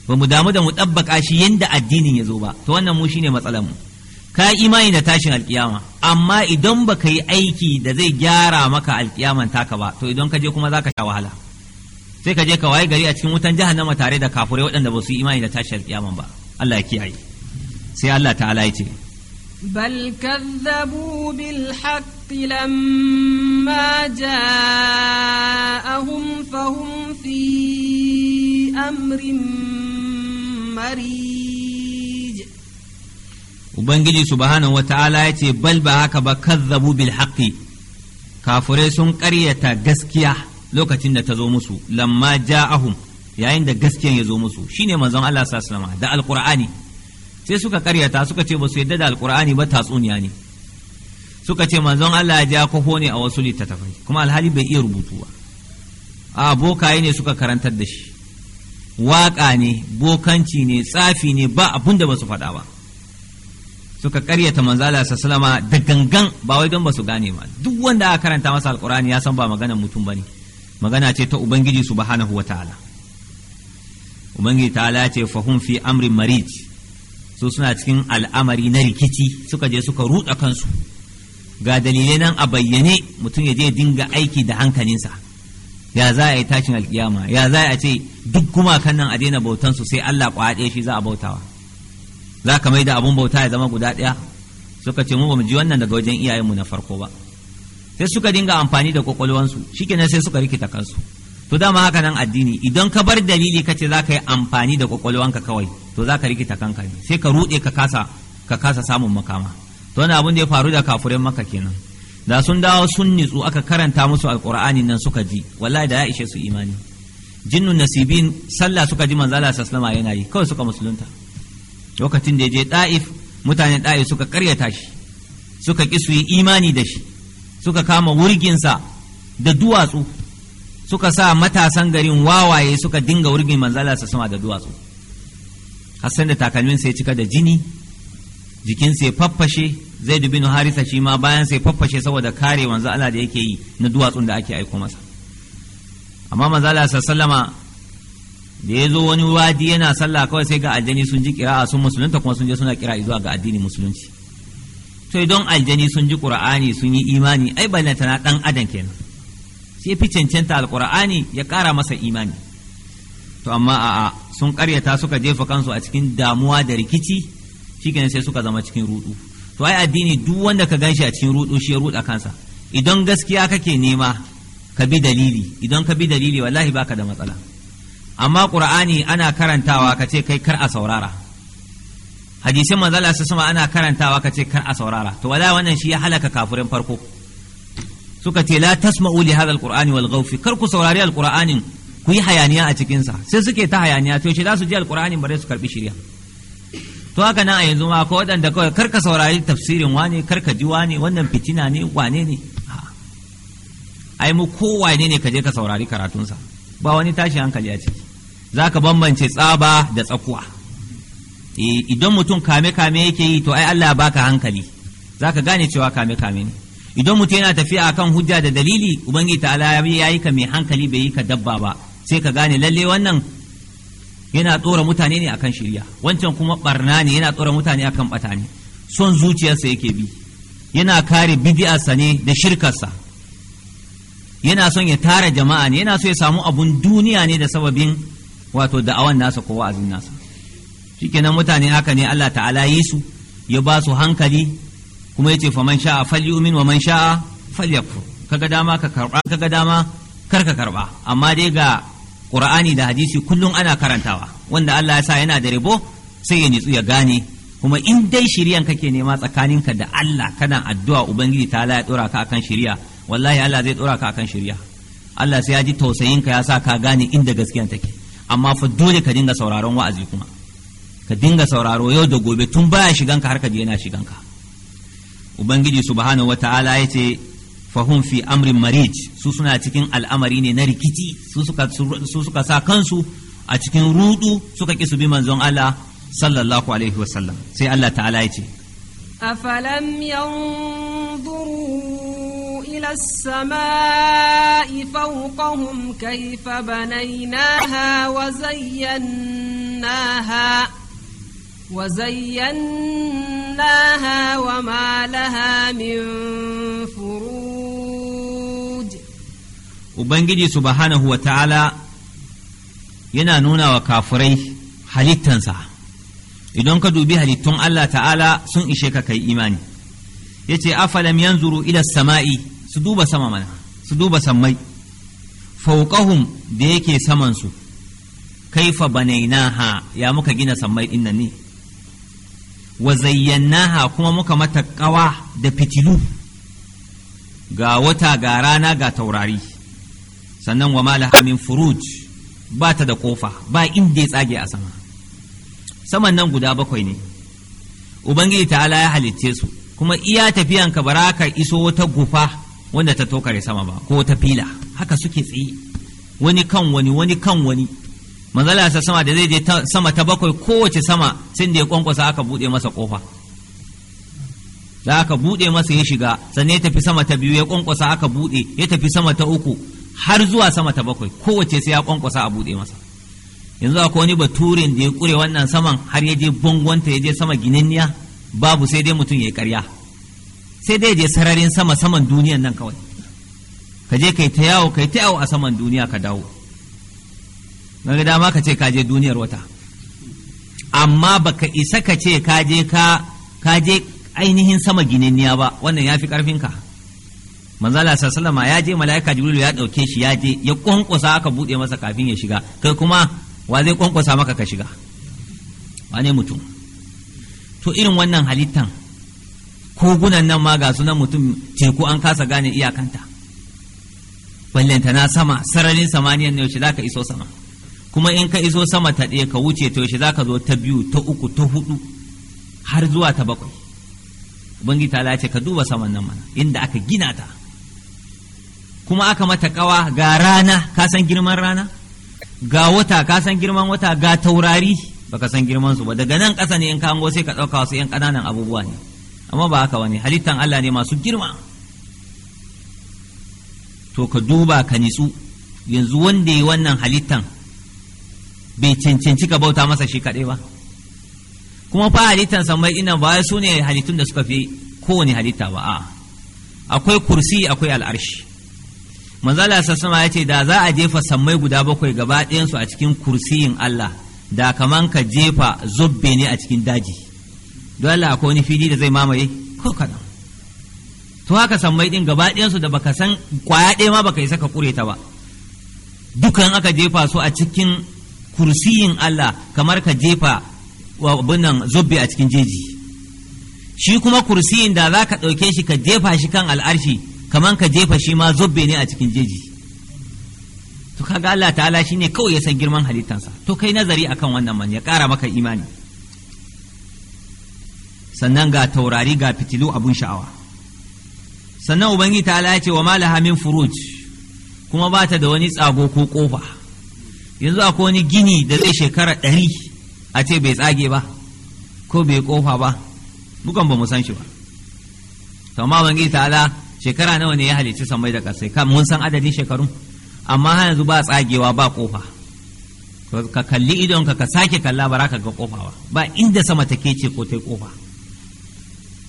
ba mu damu da mu ɗabbaka shi yadda addinin ya zo ba to wannan mu shi matsalar mu ka yi imani da tashin alkiyama amma idan ba ka yi aiki da zai gyara maka alkiyaman taka ba to idan ka je kuma za ka sha wahala sai ka je ka waye gari a cikin wutan jahannama tare da kafurai waɗanda ba su yi imani da tashin alkiyaman ba Allah ya kiyaye sai Allah ta'ala ya ce
بل كذبوا بالحق لما جاءهم فهم في أمر مريج
Ubangiji subhanahu wa ta'ala ya ce, Bal ba haka ba kazzabu bil haqqi kafurai sun karyata gaskiya lokacin da ta zo musu, lamma ja'ahum yayin da gaskiyan ya zo musu, shine manzon Allah sallallahu da Alƙur'ani. sai suka karyata suka ce ba su yadda da alkur'ani ba tatsuniya ne suka ce manzon Allah ya ja kwafo ne a wasu littattafai kuma alhali bai iya rubutu ba a bokaye ne suka karantar da shi waƙa ne bokanci ne tsafi ne ba abun da ba su faɗa ba suka karyata manzala sallama da gangan ba wai don ba su gane ba duk wanda aka karanta masa alkur'ani ya san ba magana mutum bane magana ce ta ubangiji subhanahu wataala ubangiji ta'ala ce fahum fi amrin marij su suna cikin al'amari na rikici suka je suka rutsa kansu ga dalilai nan a bayyane mutum ya je dinga aiki da hankalinsa ya za a yi tashin alkiyama ya za a ce duk gumakan nan a daina bautan su sai Allah kwaɗe shi za a bautawa za ka mai da abun bauta ya zama guda ɗaya suka ce mu ba mu ji wannan daga wajen iyayenmu na farko ba sai suka dinga amfani da kwakwalwansu kenan sai suka rikita kansu to dama haka nan addini idan ka bar dalili ka ce za ka yi amfani da kwakwalwanka kawai to za ka rikita kanka ne sai ka ruɗe ka kasa samun makama to wani abin da ya faru da kafurin maka kenan da sun dawo sun nitsu aka karanta musu alkur'ani nan suka ji wallahi da ya ishe su imani jinnun nasibin sallah suka ji manzala sallama yana yi kawai suka musulunta lokacin da ya je da'if mutanen da'if suka karyata shi suka ki su yi imani da shi suka kama wurgin sa da duwatsu suka sa matasan garin wawaye suka dinga wurgi manzala su sama da duwatsu hassan da takalmin sai cika da jini jikin sai faffashe zai dubi harisa shi ma bayan sai faffashe saboda kare manzo Allah da yake yi na duwatsun da ake aiko masa amma manzo sallama da ya zo wani wadi yana sallah kawai sai ga aljani sun ji kira'a sun musulunta kuma sun je suna kira'a zuwa ga addinin musulunci to idan aljani sun ji qur'ani sun yi imani ai balanta na dan adam kenan sai fi cancanta alkur'ani ya ƙara masa imani to amma a'a sun ƙaryata suka jefa kansu a cikin damuwa da rikici shikenan sai suka zama cikin rudu to ai addini duk wanda ka ganshi a cikin rudu shi ya ruda kansa idan gaskiya kake nema ka bi dalili idan ka bi dalili wallahi baka da matsala amma qur'ani ana karantawa ka ce kai kar a saurara hadisin manzala sai sama ana karantawa ka ce kar a saurara to wallahi wannan shi ya halaka kafurin farko suka ce la tasma'u li hadha alqur'ani wal ghawfi kar ku saurari alqur'ani ku yi hayaniya a cikin sa sai suke ta hayaniya to shi za su ji alqur'ani bare su karbi shirya to haka nan a yanzu ma ko waɗanda kawai kar ka saurari tafsirin wane kar ka ji wane wannan fitina ne wane ne ai mu wane ne ka je ka saurari karatun sa. ba wani tashi hankali a ciki za bambance tsaba da tsakuwa eh, idan mutum kame-kame yake yi to ai Allah baka hankali za gane cewa kame-kame ne idan mutum yana tafiya akan hujja da dalili ubangiji ala ya yi ka mai hankali bai yi ka dabba ba sai ka gane lalle wannan yana tsora mutane ne akan shirya wancan kuma barna ne yana tsora mutane akan bata ne son zuciyarsa yake bi yana kare bidi'arsa ne da shirkarsa yana son ya tara jama'a ne yana so ya samu abun duniya ne da sababin wato da'awan nasa ko wa'azin nasa shikenan mutane haka ne Allah ta'ala yi su ya ba su hankali kuma yace fa man sha'a falyu'min wa man sha'a falyakfur kaga dama ka karba kaga dama kar ka karba amma dai ga qur'ani da hadisi kullum ana karantawa wanda Allah ya sa yana da rabo sai ya nitsu ya gane kuma in dai shiriyan kake nema tsakanin ka da Allah kana addu'a ubangiji ta ya dora ka akan shiriya wallahi Allah zai dora ka akan shiriya Allah sai ya ji tausayin ka ya sa ka gane inda gaskiyan take amma fa dole ka dinga sauraron wa'azi kuma ka dinga sauraro yau da gobe tun baya shigan ka har ka je yana shigan ka. ubangiji subhanahu wata'ala ya ce fahum fi amrin marij su suna cikin al'amari ne na rikici su suka sa kansu a cikin rudu suka ki su bi manzon Allah sallallahu alaihi wasallam sai Allah ta'ala ya ce
afalam yanzuru ila as-sama'i fawqahum kayfa banaynaha wa zayyanaha wa zayyanaha أصلاها وما لها من
فروج Ubangiji subhanahu wa ta'ala yana nuna wa kafurai halittansa, idan ka dubi halittun Allah ta'ala sun ishe ka kai imani, ya ce, Afalam yanzuru ila sama'i su duba sama mana, su duba sammai, Fauƙahun da yake samansu, kaifa banainaha ya muka gina sammai ɗin ne. wa zayyannaha kuma muka mata ƙawa da fitilu ga wata ga rana ga taurari sannan wa malaha min furuj ba ta da kofa ba inda ya tsage a sama saman nan guda bakwai ne ubangiji ta'ala ya halitce su kuma iya tafiyan ka ka iso wata gufa wanda ta tokare sama ba ko wata fila haka suke tsaye wani kan wani wani kan wani manzala sa sama da zai je sama ta bakwai kowace sama sun da ya kwankwasa aka buɗe masa kofa da aka buɗe masa ya shiga sannan ya tafi sama ta biyu ya kwankwasa aka buɗe ya tafi sama ta uku har zuwa sama ta bakwai kowace sai ya kwankwasa a buɗe masa yanzu akwai wani baturin da ya kure wannan saman har ya je bangonta ya je sama gininniya babu sai dai mutum ya yi karya sai dai je sararin sama saman duniyan nan kawai ka je kai ta yawo kai ta yawo a saman duniya ka dawo daga dama ka ce ka je duniyar wata amma baka isa ka ce ka je ka ka je ainihin sama gininniya ba wannan ya fi ƙarfinka manzala sallama ya je mala'ika jibril ya ɗauke shi ya je ya ƙwanƙwasa aka buɗe masa kafin ya shiga kai kuma wa zai ƙwanƙwasa maka ka shiga wane mutum to irin wannan halittan kogunan nan ma ga sunan mutum teku an kasa gane iyakanta na sama sararin samaniyan ne yaushe za ka iso sama kuma in ka iso sama ta ɗaya ka wuce to yaushe za ka zo ta biyu ta uku ta hudu har zuwa ta bakwai ubangiji ta lace ka duba saman nan mana inda aka gina ta kuma aka mata kawa ga rana ka san girman rana ga wata ka san girman wata ga taurari baka san girman su ba daga nan ƙasa ne in ka hango sai ka ɗauka wasu 'yan ƙananan abubuwa ne amma ba haka wani halittan Allah ne masu girma to ka duba ka nitsu yanzu wanda ya wannan halittan bai cancanci ka bauta masa shi kaɗai ba kuma fa halittan samai ina ba su ne halittun da suka fi kowane halitta ba a akwai kursi akwai al'arshi manzala sassama ya ce da za a jefa sammai guda bakwai gaba su a cikin kursiyin Allah da kaman ka jefa Zubbe ne a cikin daji don Allah akwai wani fili da zai mamaye ko kaɗan to haka sammai ɗin gaba su da baka san kwaya ɗaya ma baka yi saka kure ta ba dukan aka jefa su a cikin kursiyin Allah kamar ka jefa abunan zubbi a cikin jeji shi kuma kursiyin da za ka ɗauke shi ka jefa shi kan al'arshi kamar ka jefa shi ma zubbe ne a cikin jeji to kaga Allah ta'ala shi ne kawai ya san girman halittansa to kai nazari akan wannan man ya ƙara maka imani sannan ga taurari ga fitilu abun sha'awa sannan ubangi ta'ala ya ce wa malaha min furuj kuma ba ta da wani tsago ko ƙofa yanzu akwai wani gini da zai shekara ɗari a ce bai tsage ba ko bai kofa ba mukan ba mu san shi ba to amma ta'ala shekara nawa ne ya halicci samai da kasai mun san adadin shekarun amma har yanzu ba tsagewa ba kofa ka kalli idon ka ka sake kalla ba ka ga kofa ba ba inda sama take ce ko ta kofa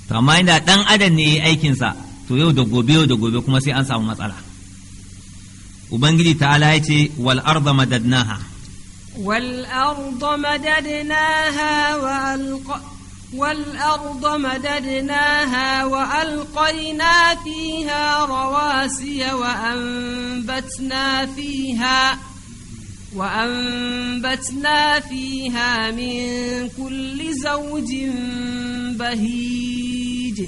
to amma inda dan adam ne ya yi aikinsa to yau da gobe yau da gobe kuma sai an samu matsala وبنجلي تعالى يتي والأرض مددناها
والأرض مددناها وألق والأرض مددناها وألقينا فيها رواسي وأنبتنا فيها وأنبتنا فيها من كل زوج بهيج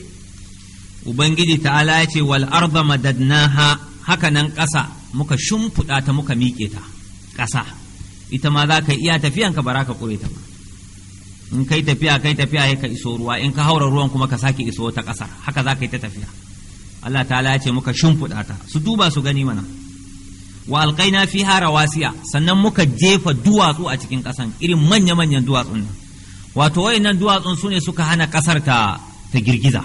وبنجلي تعالى يتي والأرض مددناها haka nan ƙasa muka shimfiɗa ta muka miƙe ta ƙasa ita ma za ka iya tafiyanka ka bara ka ƙure ta ba in kai tafiya kai tafiya ka iso ruwa in ka haura ruwan kuma ka sake iso ta ƙasar haka za ka yi ta tafiya Allah ta'ala ya ce muka shimfiɗa ta su duba su gani mana wa alqaina fiha rawasiya sannan muka jefa duwatsu a cikin ƙasan irin manya-manyan duwatsun nan wato wayannan duwatsun su ne suka hana ƙasar ta ta girgiza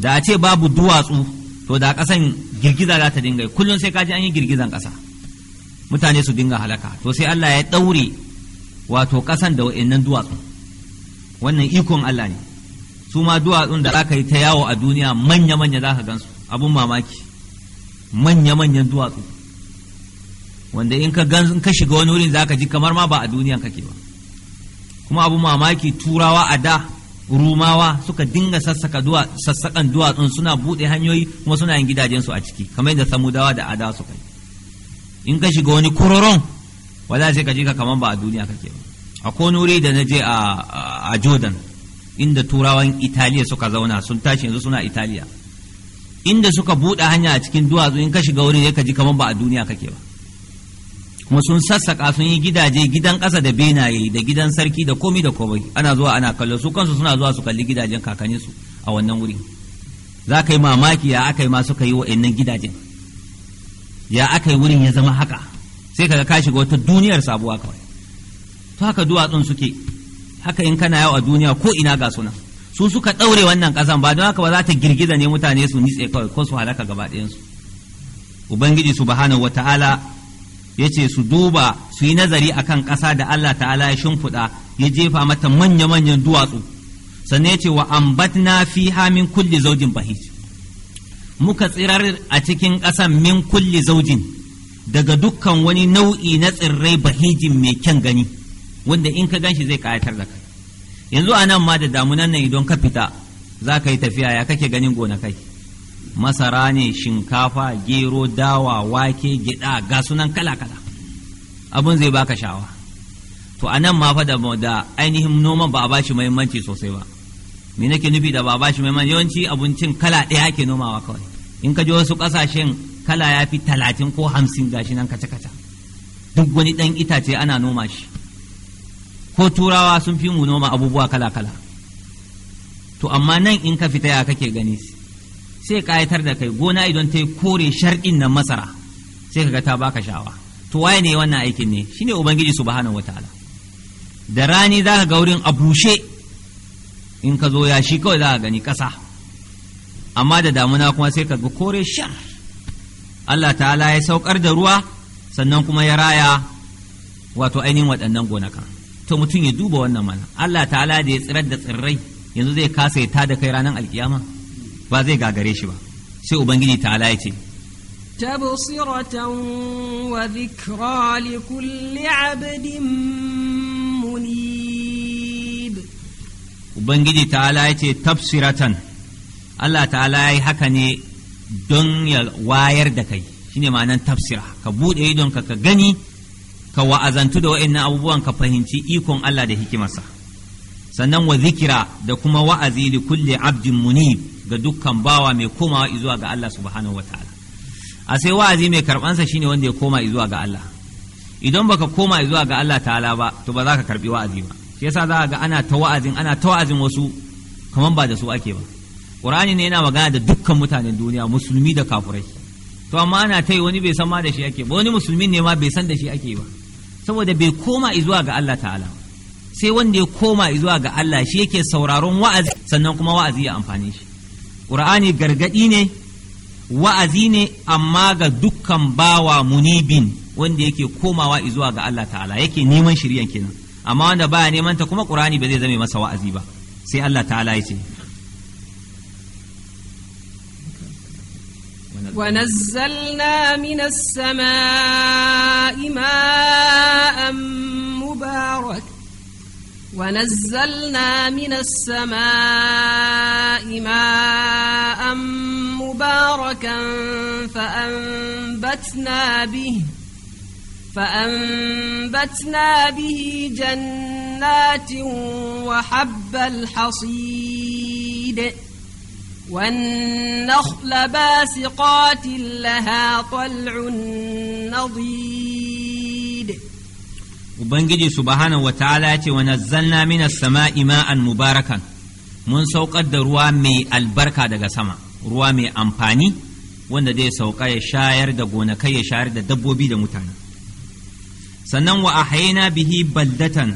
da a ce babu duwatsu to da kasan girgiza za ta dinga kullum sai ka ji an yi girgizan kasa mutane su dinga halaka to sai Allah ya ɗaure wato ƙasan da wa'annan duwatsu wannan ikon Allah ne su ma duwatsun da aka yi ta yawo a duniya manya-manya za ka gansu abun mamaki manya-manyan duwatsu wanda in ka gan ka shiga wani wurin za ka ji kamar ma ba a duniyan kake ba kuma abun mamaki turawa a da rumawa suka dinga sassaka duwa sassakan duwatsun suna buɗe hanyoyi kuma suna yin gidajensu a ciki kamar yadda samudawa da ada suka yi in ka shiga wani kororon wala sai ka je ka kamar ba a duniya kake ba akwai nuri da na je a jordan inda turawan italiya suka zauna sun tashi yanzu suna italiya inda suka buɗe hanya a cikin duwatsu in ka shiga wuri ne ka ji kamar ba a duniya kake ba kuma sun sassaƙa sun yi gidaje gidan ƙasa da benaye da gidan sarki da komi da komai ana zuwa ana kallo su kansu suna zuwa su kalli gidajen kakanninsu a wannan wuri za ka yi mamaki ya aka yi ma suka yi wa'annan gidajen ya aka yi wurin ya zama haka sai kaga ka shiga wata duniyar sabuwa kawai to haka duwatsun suke haka in kana yawo a duniya ko ina ga suna su suka ɗaure wannan ƙasan ba don haka ba za ta girgiza ne mutane su nitse kawai ko su halaka gaba ɗayansu ubangiji subhanahu wata'ala yace su duba su yi nazari a kan ƙasa da Allah ta'ala ya shimfiɗa ya jefa mata manya-manyan duwatsu sannan ya ce wa ambatna fiha min kulli zaujin bahij muka tsirar a cikin ƙasan min kulli zaujin daga dukkan wani nau'i na tsirrai bahijin mai kyan gani wanda in ka gan shi zai kayatar da kai yanzu a nan ma da damunan nan idan ka fita za ka yi tafiya ya kake ganin gonakai masara ne shinkafa gero dawa wake gida ga sunan kala-kala abin zai baka shawa to a nan ma da ainihin noman ba a bashi muhimmanci sosai ba me nake nufi da ba a bashi muhimmanci yawanci abincin kala ɗaya ke nomawa kawai in ka je wasu ƙasashen kala ya fi talatin ko hamsin gashi nan kaca-kaca duk wani ɗan itace ana noma shi ko turawa sun fi mu noma abubuwa kala-kala to amma nan in ka fita ya kake gani sai ƙayatar da kai gona idan ta yi kore sharɗin nan masara sai ga ta baka sha'awa to waye ne wannan aikin ne shine ubangiji subhanahu wataala da rani za ka ga wurin a bushe in ka zo yashi kawai za ka gani ƙasa amma da damuna kuma sai ka ga kore shar Allah ta'ala ya saukar da ruwa sannan kuma ya raya wato ainihin waɗannan gonakan to mutum ya duba wannan mana Allah ta'ala da ya tsirar da tsirrai yanzu zai kasa ya da kai ranar alkiyama ba zai gagare shi ba sai ubangiji ta'ala ya ce
tabsiratan wa li kulli 'abdin munib
ubangiji ta'ala ya ce tafsiratan Allah ta'ala ya haka ne don ya wayar da kai shine ma'anan tafsira ka buɗe idon ka gani ka wa'azantu da wa'annan abubuwan ka fahimci ikon Allah da hikimarsa sannan wa zikira da kuma wa'azi li kulli abdin munib ga dukkan bawa mai komawa zuwa ga Allah subhanahu ta'ala a sai wa'azi mai karbansa shine wanda ya koma zuwa ga Allah idan baka koma zuwa ga Allah ta'ala ba to ba za ka karbi wa'azi ba shi yasa za ga ana ta wa'azin ana ta wa'azin wasu kamar ba da su ake ba qur'ani ne yana magana da dukkan mutanen duniya musulmi da kafurai to amma ana ta yi wani bai san ma da shi ake ba wani musulmi ne ma bai san da shi ake ba saboda bai koma zuwa ga Allah ta'ala sai wanda ya koma zuwa ga Allah shi yake sauraron wa'azi sannan kuma wa'azi ya amfane shi ƙur'ani gargaɗi ne wa'azi ne amma ga dukkan bawa munibin wanda yake komawa zuwa ga Allah ta'ala yake neman shiryan kenan amma wanda baya neman ta kuma ƙur'ani ba zai zame masa wa'azi ba sai Allah ta'ala ya ce
ونزلنا من السماء ماء مبارك ونزلنا من السماء ماء مباركا فأنبتنا به فأنبتنا به جنات وحب الحصيد والنخل باسقات لها طلع نضيد
ubangiji subhanahu wataala ya ce wa zanna mina sama'i ma'an mubarakan mun saukar da ruwa mai albarka daga sama ruwa mai amfani wanda zai sauka ya shayar da gonakai ya shayar da dabbobi da mutane sannan wa a haina bihi baldatan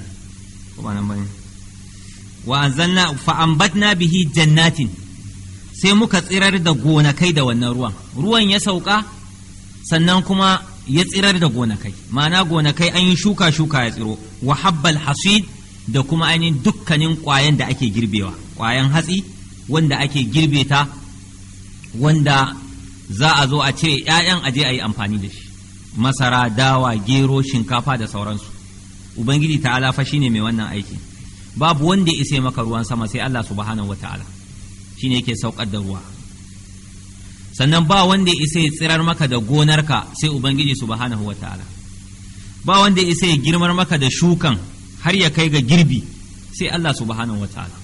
wa anzalna fa ambatna bihi jannatin sai muka tsirar da gonakai da wannan ruwan ruwan ya sauka sannan kuma ya tsirar da gonakai ma'ana gonakai an yi shuka shuka ya tsiro wa habbal hasid da kuma ainihin dukkanin ƙwayan da ake girbewa ƙwayan hatsi wanda ake girbe ta wanda za a zo a cire 'ya'yan aje a yi amfani da shi masara dawa gero shinkafa da sauransu ubangiji ta'ala fa ne mai wannan aiki babu wanda ya isa maka ruwan sama sai Allah subhanahu shi ne yake saukar da ruwa sannan ba wanda ya isa ya tsirar maka da gonarka sai ubangiji su wa ta'ala ba wanda ya isa ya girmar maka da shukan har ya kai ga girbi sai Allah su wa ta'ala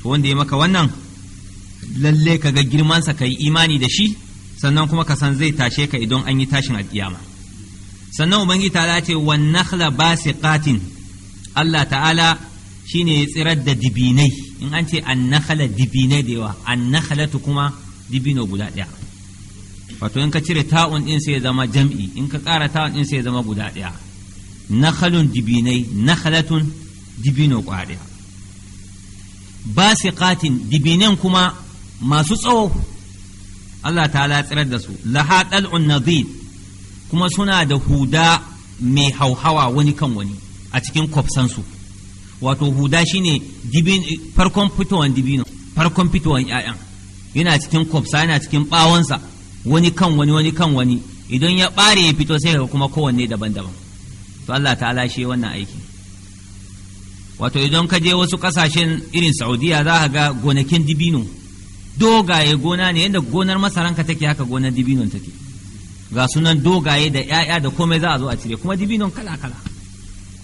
to wanda ya maka wannan lalle ka ga girmansa ka yi imani da shi sannan kuma ka san zai tashe ka idan an yi tashin alkiyama sannan ubangiji ta ce wan nakhla basiqatin Allah ta'ala shine ya tsirar da dibinai in an ce an annakhala dibinai da yawa an annakhalatu kuma dibino guda ɗaya wato in ka cire ta'un din sai ya zama jam'i in ka ƙara ta'un din sai ya zama guda ɗaya nakhalun dibinai nakhalatun dibino ba ɗaya katin dibinan kuma masu tsawo Allah ta tsirar da su laha dal'un kuma suna da huda mai hauhawa wani kan wani a cikin kwafsansu wato huda shine farkon fitowan dibino farkon fitowan 'ya'yan yana cikin kwafsa yana cikin ɓawonsa wani kan wani wani kan wani idan ya ɓare ya fito sai ka kuma kowanne daban-daban to Allah ta lashe wannan aiki wato idan ka je wasu ƙasashen irin saudiya za ka ga gonakin dibino dogaye gona ne yadda gonar masaranka take haka gonar dibinon take ga sunan dogaye da 'ya'ya da komai za a zo a cire kuma dibinon kala-kala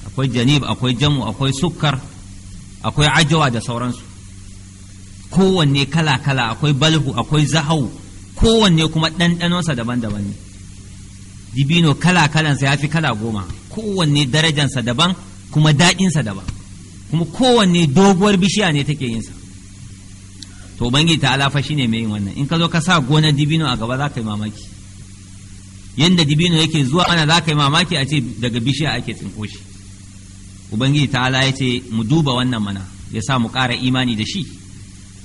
akwai janib akwai jamu akwai sukkar akwai ajawa da sauransu kowanne kala-kala akwai balhu akwai zahau kowanne kuma ɗanɗanonsa daban-daban ne dibino kala kalansa ya fi kala goma kowanne darajansa daban kuma daɗinsa daban kuma kowanne doguwar bishiya ne take yinsa to ubangiji ta alafa ne mai yin wannan in ka zo ka sa gonar dibino a gaba za ka yi mamaki yadda dibino yake zuwa ana za ka yi mamaki a ce daga bishiya ake tsinko shi ubangiji ta ala ya ce mu duba wannan mana ya sa mu ƙara imani da shi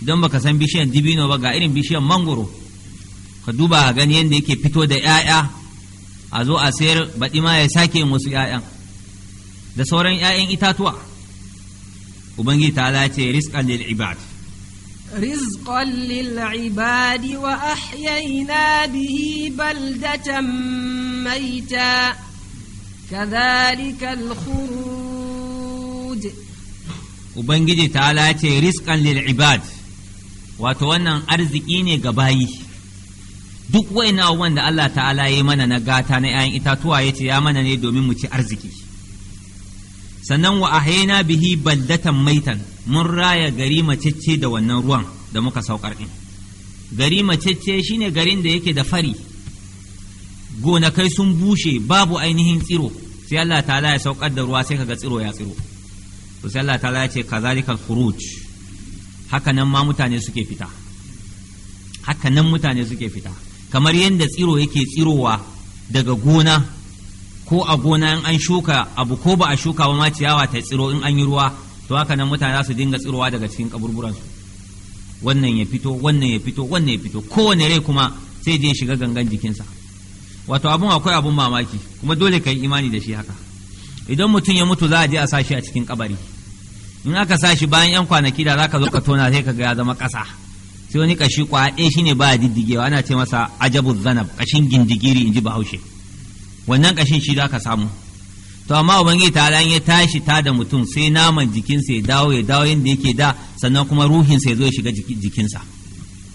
idan baka san bishiyar dibino ba ga irin bishiyar mangoro ka duba a gani yadda yake fito da 'ya'ya a zo a sayar baɗi ma ya sake musu 'ya'yan da sauran 'ya'yan itatuwa ubangiji ta lace rizqan lil ibad
rizqan lil ibad wa ahyayna bihi baldatan mayta kadhalika al khuruj
ubangiji ta lace rizqan lil ibad wato wannan arziki ne ga bayi duk waina wanda Allah ta'ala ya mana na gata na 'ya'yan itatuwa ya ce ya mana ne domin mu ci arziki sannan wa ahaina bihi baldatan maitan mun raya gari macece da wannan ruwan da muka saukar din gari macece shine garin da yake da fari gonakai sun bushe babu ainihin tsiro sai Allah ta'ala ya saukar da ruwa sai kaga tsiro ya tsiro to sai Allah ta'ala ya ce kazalikal khuruj haka nan ma mutane suke fita haka nan mutane suke fita kamar yadda tsiro yake tsirowa daga gona ko a gona in an shuka abu ko ba a shuka ba ma ciyawa ta tsiro in an yi ruwa to haka nan mutane za su dinga tsirowa daga cikin su wannan ya fito wannan ya fito wannan ya fito kowane rai kuma sai je shiga gangan jikinsa wato abun akwai abun mamaki kuma dole ka yi imani da shi haka idan mutum ya mutu za a je a sa shi a cikin kabari in aka sa shi, bayan yan kwanaki da za ka zo ka tona sai ka ga ya zama ƙasa sai wani kashi kwa ɗaya ba a diddigewa ana ce masa ajabu zanab kashin gindigiri in ji bahaushe wannan kashin shi za ka samu to amma ubangiji ta ya tashi ta da mutum sai naman jikinsa ya dawo ya dawo yadda yake da sannan kuma ruhinsa ya zo ya shiga jikinsa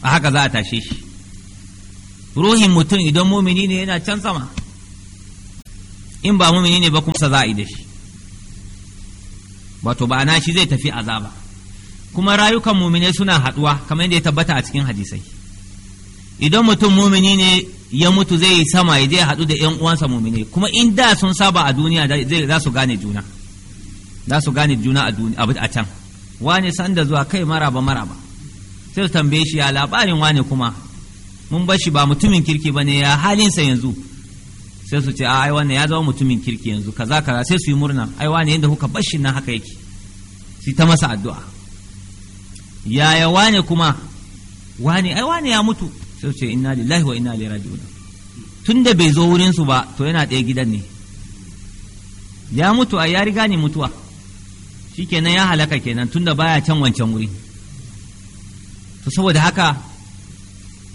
a haka za a tashe shi ruhin mutum idan mumini ne yana can sama in ba mumini ne ba kuma sa za a yi da shi wato ba na shi zai tafi azaba kuma rayukan mumine suna haɗuwa kamar yadda ya tabbata a cikin hadisai idan mutum mumini ne ya mutu zai yi sama ya je haɗu da ƴan uwansa mumine kuma in da sun saba a duniya zai za su gane juna za su gane juna a duniya a can wani sanda zuwa kai maraba maraba sai su tambaye shi ya labarin wani kuma mun bar shi ba mutumin kirki bane ya halinsa yanzu sai su ce a ai wannan ya zama mutumin kirki yanzu kaza kaza sai su yi murna ai wani yanda kuka bar shi nan haka yake ta masa addu'a yaya wane kuma wane ai wane ya mutu sai ce inna lillahi wa inna ilaihi raji'un tun da bai zo wurin su ba to yana ɗaya gidan ne ya mutu a ya riga ne mutuwa shikenan ya halaka kenan tun da baya can wancan wuri to saboda haka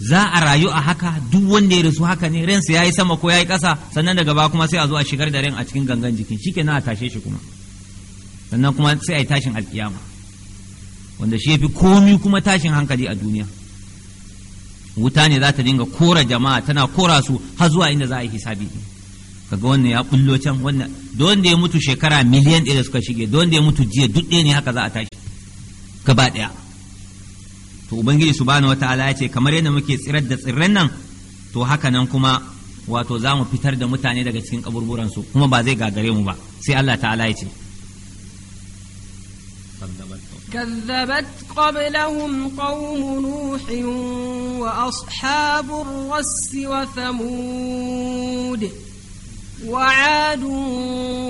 za a rayu a haka duk wanda ya rasu haka ne ransa ya yi sama ko ya yi ƙasa sannan daga ba kuma sai a zo a shigar da ran a cikin gangan jikin shikenan a tashe shi kuma sannan kuma sai a yi tashin alkiyama wanda shi yafi komi kuma tashin hankali a duniya wuta ne za ta dinga kora jama'a tana kora su har zuwa inda za a yi hisabi kaga wannan ya bullo can wannan don da ya mutu shekara miliyan ɗaya da suka shige don da ya mutu jiya duk ɗaya ne haka za a tashi gaba ɗaya to ubangiji subhanahu wataala ya ce kamar yadda muke tsirar da tsirran nan to haka nan kuma wato za mu fitar da mutane daga cikin kaburburan su kuma ba zai gagare mu ba sai Allah ta'ala ya ce
كذبت قبلهم قوم نوح وأصحاب الرس وثمود وعاد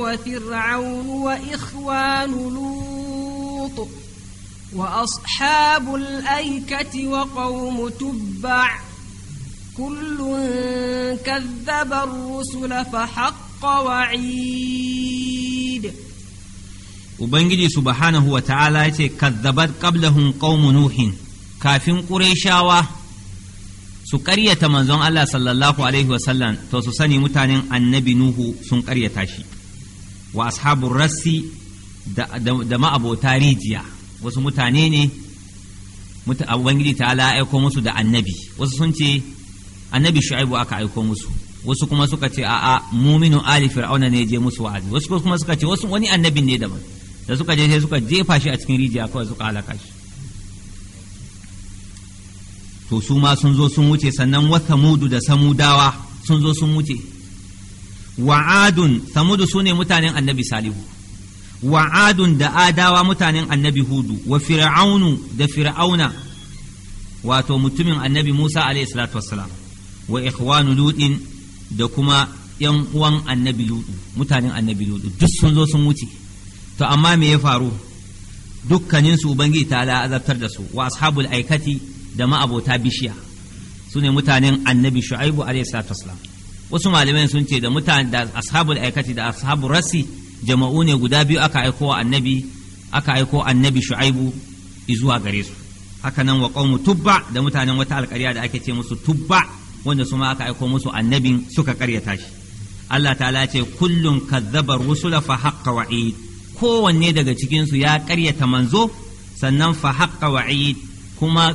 وفرعون وإخوان لوط وأصحاب الأيكة وقوم تبع كل كذب الرسل فحق وعيد
ubangiji subhanahu wa ta'ala ya ce kazzabat ƙablahun qaumu nuhin kafin ƙureshawa su ƙaryata manzon Allah sallallahu alaihi wasallam to su sani mutanen annabi nuhu sun ƙaryata shi wa ashabun rassi da, da, ma'abota rijiya wasu mutane ne ubangiji ta'ala aiko musu da annabi wasu sun ce annabi shu'aibu aka aiko musu wasu kuma suka ce a'a muminu ali fir'auna ne je musu wa'azi wasu kuma suka ce wasu wani annabin ne daban da suka je sai suka jefa shi a cikin rijiya kawai suka halaka shi to su ma sun zo sun wuce sannan wa samudu da samudawa sun zo sun wuce adun samudu sune mutanen annabi salihu adun da adawa mutanen annabi hudu wa fir'aunu da fir'auna wato mutumin annabi musa alayhi salatu wassalam wa ikhwanu ludin da kuma yan uwan annabi ludu mutanen annabi ludu duk sun zo sun wuce to amma me ya faru dukkaninsu ubangiji ta ala da su wa ashabul aikati da ma'abota bishiya su ne mutanen annabi shu'aibu alaihi salatu wasalam wasu malamai sun ce da mutane da ashabul aikati da ashabul rasi jama'u ne guda biyu aka aiko annabi aka aiko annabi shu'aibu zuwa gare su haka nan wa qaumu tubba da mutanen wata alƙarya da ake ce musu tubba wanda su ma aka aiko musu annabin suka ƙaryata shi Allah ta'ala ce kullum kazzabar rusula fa haqqa wa'id kowanne daga cikinsu ya ƙaryata manzo sannan fa haqqa wa'id kuma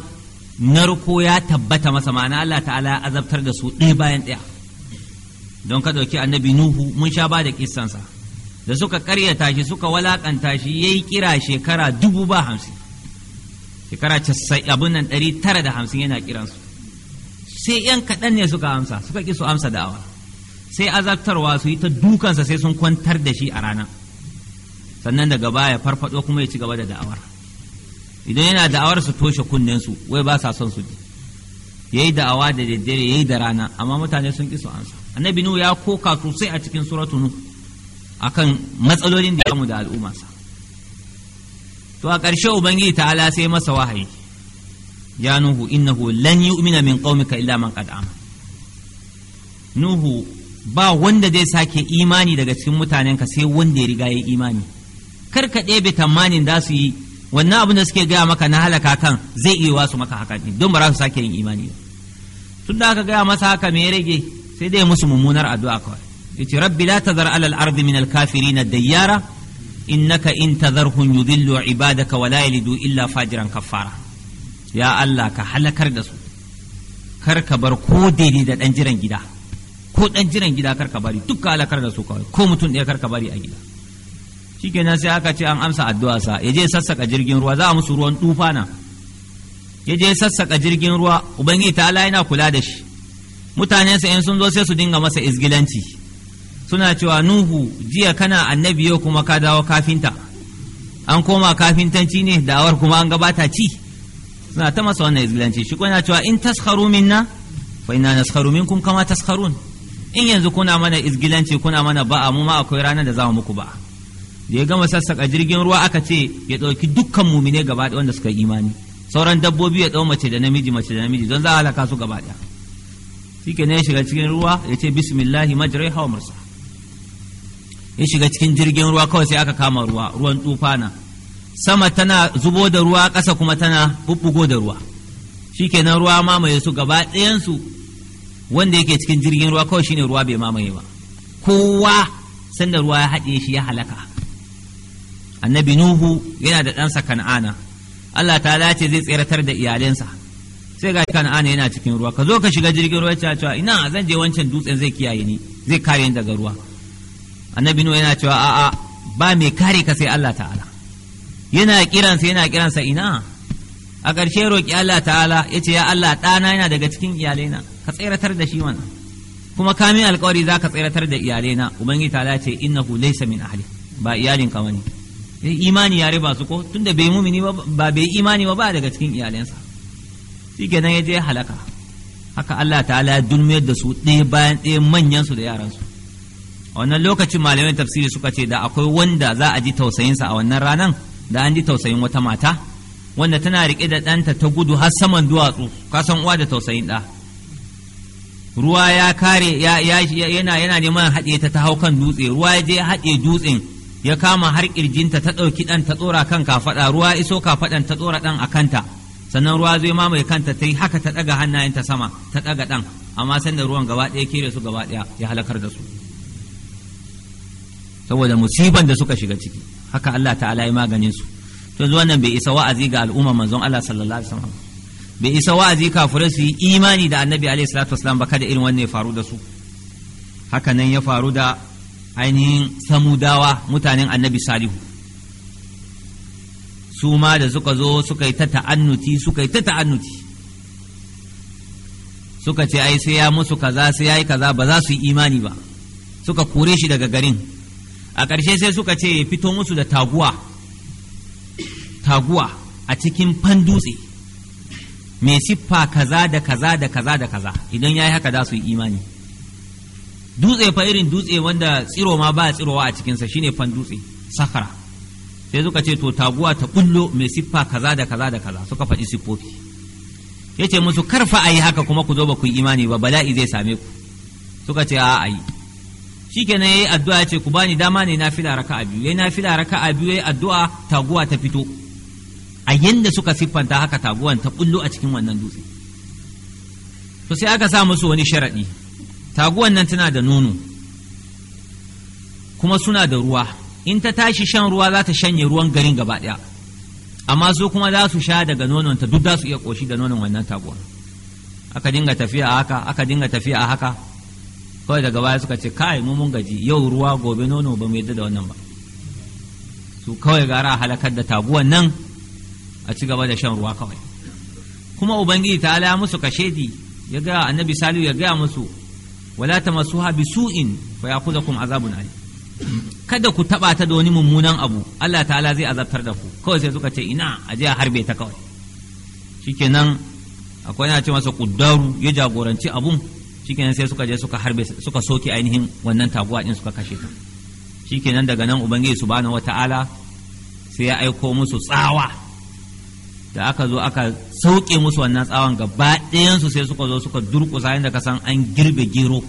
narko ya tabbata masa ma'ana Allah ta'ala azabtar da su ɗaya bayan ɗaya don ka ɗauki annabi nuhu mun sha ba da kissansa da suka ƙaryata shi suka walakanta shi ya yi kira shekara dubu ba hamsin shekara abin nan ɗari tara da hamsin yana kiransu sai yan kaɗan ne suka amsa suka ƙi su amsa da'awa sai azabtarwa su yi ta dukansa sai sun kwantar da shi a rana. sannan daga baya farfado kuma ya ci gaba da da'awar idan yana da'awar su toshe kunnen su wai ba sa son su ji yayi da'awa da daddare yayi da rana amma mutane sun ki su ansa annabi nuhu ya koka sosai a cikin suratu nu akan matsalolin da mu da al'umma sa to a ƙarshe ubangiji ta'ala sai masa wahayi ya nuhu innahu lan yu'mina min qaumika illa man qad amana nuhu ba wanda zai sake imani daga cikin mutanenka sai wanda ya riga ya imani kar ka ɗebe tamanin da su yi wannan abin da suke gaya maka na halaka kan zai iya wasu maka haka ne don ba za su sake yin imani ba tun da aka gaya masa haka me rage sai dai musu mummunar addu'a kawai yace rabbi la tazar ala al-ardi min al-kafirin ad-dayyara innaka in tadharhum yudillu ibadaka wa la yalidu illa fajiran kaffara ya Allah ka halakar da su kar ka bar ko daidai da dan jiran gida ko dan jiran gida kar ka bari duk ka halakar da su kawai ko mutum ɗaya kar ka bari a gida shikenan sai aka ce an amsa addu'a sa ya je sassaka jirgin ruwa za a musu ruwan tufana ya je sassaka jirgin ruwa ubangiji ta ala yana kula da shi sa in sun zo sai su dinga masa izgilanci suna cewa nuhu jiya kana annabi yau kuma ka dawo kafinta an koma kafintanci ne da'awar kuma an gabata ci suna ta masa wannan izgilanci shi kuma cewa in tasharu minna fa inna naskharu minkum kama tasharun in yanzu kuna mana izgilanci kuna mana ba'a mu ma akwai ranar da za mu muku ba'a da ya gama sassaka jirgin ruwa aka ce ya ɗauki dukkan mumine gaba ɗaya wanda suka yi imani sauran dabbobi ya ɗau mace da namiji mace da namiji don za a halaka su gaba ɗaya shi ke ya shiga cikin ruwa ya ce bismillahi majirai hawa mursa ya shiga cikin jirgin ruwa kawai sai aka kama ruwa ruwan tufana sama tana zubo da ruwa ƙasa kuma tana bubbugo da ruwa shi kenan ruwa mamaye su gaba ɗayansu wanda yake cikin jirgin ruwa kawai shine ruwa bai mamaye ba kowa sanda ruwa ya haɗe shi ya halaka annabi nuhu yana da ɗansa kan'ana Allah ta ce zai tseratar da iyalinsa sai ga kan'ana yana cikin ruwa ka zo ka shiga jirgin ruwa cewa cewa ina zan je wancan dutsen zai kiyaye ni zai kare ni daga ruwa annabi nuhu yana cewa a'a ba mai kare ka sai Allah ta'ala yana kiransa yana kiransa ina a ƙarshe roƙi Allah ta'ala ya ce ya Allah ɗana yana daga cikin iyalaina ka tseratar da shi wannan kuma kamin alƙawari za ka tseratar da iyalaina ubangiji ta ce innahu laysa min ahli ba iyalinka wani Eh, imani ya riba su ko tunda bai mumini ba bai imani ba ba daga cikin iyalansa shi kenan ya je halaka haka Allah ta'ala ya dulmiyar da su ɗaya bayan ɗaya manyan su da yaran su a wannan lokacin malamai tafsiri suka ce da akwai wanda za a ji sa a wannan ranan da an ji tausayin wata mata wanda tana rike da ɗanta ta gudu har saman duwatsu kasan uwa da tausayin ɗa ruwa ya kare yana yana neman haɗe ta ta hau kan dutse ruwa ya je haɗe dutsen ya kama har kirjinta ta ɗauki ɗan ta tsora kan kafaɗa ruwa iso kafaɗan ta tsora ɗan a kanta sannan ruwa zai mamaye kanta ta yi haka ta ɗaga hannayenta sama ta ɗaga ɗan amma sanda ruwan gaba ɗaya kere su gaba ɗaya ya halakar da su saboda musiban da suka shiga ciki haka Allah ta'ala ya maganin su to yanzu wannan bai isa wa'azi ga al'umma manzon Allah sallallahu alaihi wasallam bai isa wa'azi kafirai su yi imani da annabi alaihi salatu wasallam ba kada irin wannan ya faru da su haka nan ya faru da ainihin samudawa mutanen annabi salihu su ma da suka zo suka yi ta ta'annuti suka yi ta ta'annuti suka ce ai sai ya musu kaza sai ya yi kaza ba za su yi imani ba suka kore shi daga garin a ƙarshe sai suka ce ya fito musu da taguwa taguwa a cikin dutse mai siffa kaza da kaza da kaza da kaza idan ya yi haka za su yi imani dutse fa irin dutse wanda tsiro ma ba tsirowa a cikinsa shine fan dutse sakara sai suka ce to taguwa ta kullo mai siffa kaza da kaza da kaza suka faɗi siffofi ya ce musu karfa a yi haka kuma ku zo ba ku yi imani ba bala'i zai same ku suka ce a yi shi kenan ya yi addu'a ya ce ku bani dama ne na fila raka a biyu ya na fila raka a biyu ya yi addu'a taguwa ta fito a yanda suka siffanta haka taguwan ta kullo a cikin wannan dutse to sai aka sa musu wani sharaɗi taguwan nan tana da nono kuma suna da ruwa in ta tashi shan ruwa za ta shanye ruwan garin gaba ɗaya amma su kuma za su sha daga nononta duk za su iya ƙoshi da nonon wannan taguwa aka dinga tafiya a haka aka dinga tafiya a haka kawai daga baya suka ce kai mu mun gaji yau ruwa gobe nono ba mu yadda da wannan ba su kawai gara halakar da taguwan nan a ci gaba da shan ruwa kawai kuma ubangiji ta ala musu kashedi ya ga annabi salihu ya gaya musu wala tamassuha bisu'in fa ya'khudhukum azabun alim kada ku taba ta da wani mummunan abu Allah ta'ala zai azabtar da ku kawai sai suka ce ina a je a harbe ta kawai shikenan akwai yana ce masa kuddaru ya jagoranci abun shikenan sai suka je suka harbe suka soke ainihin wannan taguwa din suka kashe ta shikenan daga nan ubangiji subhanahu wata'ala sai ya aiko musu tsawa da aka zo aka sauke musu wannan tsawon gaba ɗayansu sai suka zo suka durƙusa inda ka san an girbe gero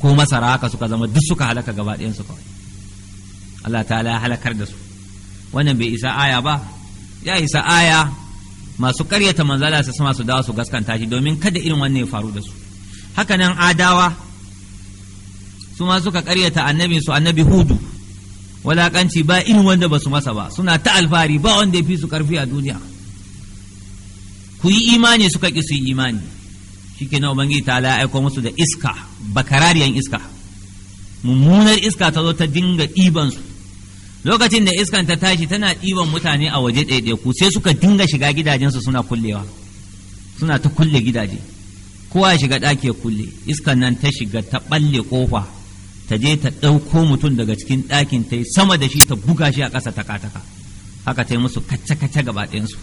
ko masara haka suka zama duk suka halaka gaba ɗayansu kawai Allah ta'ala ya halakar da su wannan bai isa aya ba ya isa aya masu karyata manzala su sama su dawa su gaskanta shi domin kada irin wannan ya faru da su hakanan adawa su ma suka karyata annabi su annabi hudu walakanci ba irin wanda ba su masa ba suna ta alfahari ba wanda ya fi su karfi a duniya ku yi imani suka ƙi su yi imani shike na ubangiji ta ala aiko musu da iska bakarariyan iska mummunar iska ta zo ta dinga ɗiban lokacin da iskan ta tashi tana ɗiban mutane a waje ku sai suka dinga shiga gidajensu suna kullewa suna ta kulle gidaje kowa ya shiga ɗaki ya kulle iskan nan ta shiga ta ɓalle kofa ta je ta ɗauko mutum daga cikin ɗakin ta sama da shi ta buga shi a ƙasa ta kataka haka ta yi musu kacce-kacce gaba ɗayansu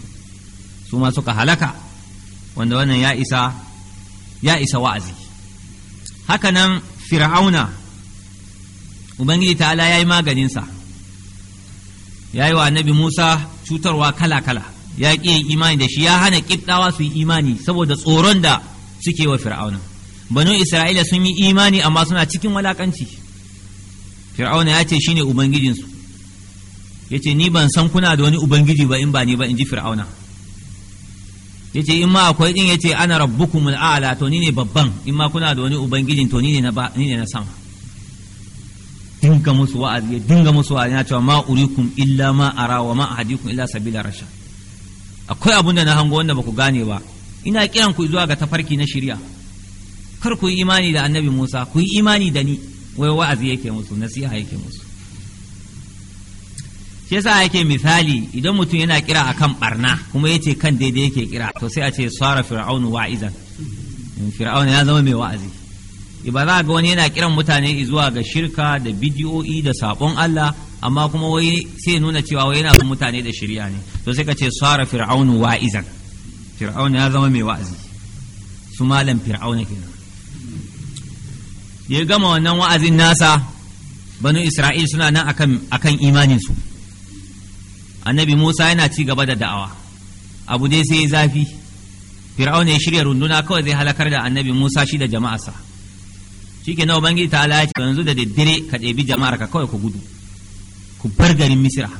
su ma suka halaka wanda wannan ya isa ya isa wa'azi hakanan fir'auna ubangiji ta'ala ya yi maganinsa ya yi wa annabi musa cutarwa kala-kala ya ƙi yin imani da shi ya hana ƙibɗawa su yi imani saboda tsoron da suke wa fir'auna banu isra'ila sun yi imani amma suna cikin walakanci fir'auna ya ce shine ubangijinsu ya ce ni ban san kuna da wani ubangiji ba in ba ni ba in ji fir'auna yace in ma akwai din yace ana rabbukumul a'la to ni ne babban in ma kuna da wani ubangijin to ni ne na ni ne na sama dinga musu wa'azi ya dinga musu wa'azi yana cewa ma urikum illa ma ara wa ma ahadikum illa sabila rasha akwai abun da na hango wanda baku gane ba ina kiran ku zuwa ga tafarki na shari'a kar ku yi imani da annabi Musa ku yi imani da ni wai wa'azi yake musu nasiha yake musu shi yasa yake misali idan mutum yana kira akan barna kuma yace kan daidai yake kira to sai a ce sara fir'aunu wa'izan eh, fir'auna ya zama mai wa'azi eh, ba za ga wani yana kiran mutane zuwa ga shirka da bidiyo'i da sabon Allah amma kuma wai sai nuna cewa wai yana bin mutane da shirya ne to sai ka ce sara fir'aunu wa'izan fir'auna ya zama mai wa'azi su malam fir'auna kenan ya gama wannan wa'azin nasa banu isra'il suna nan akan imaninsu annabi musa yana ci gaba da da'awa abu dai sai zafi fir'auna ya shirya runduna kawai zai halakar da annabi musa shi da jama'arsa shike na ubangiji ta ce yanzu da daddare ka ɗebi jama'ar ka kawai ku gudu ku bar garin misira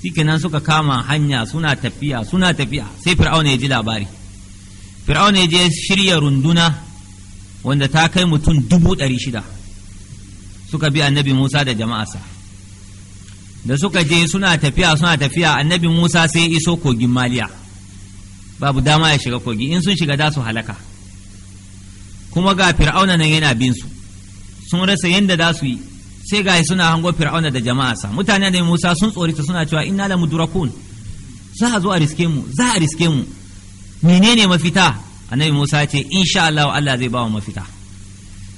shike nan suka kama hanya suna tafiya suna tafiya sai fir'aun ya ji labari fir'auna ya je shirya runduna wanda ta kai mutum dubu ɗari shida suka bi annabi musa da jama'arsa da suka je suna tafiya suna tafiya annabi musa sai iso kogin maliya babu dama ya shiga kogi in sun shiga za su halaka kuma ga fir'auna nan yana bin su sun rasa yadda za su yi sai ga suna hango fir'auna da jama'a sa mutane da musa sun tsorata suna cewa inna la mudrakun za a zo a riske mu za a riske mu menene mafita annabi musa ce insha Allah Allah zai ba mu mafita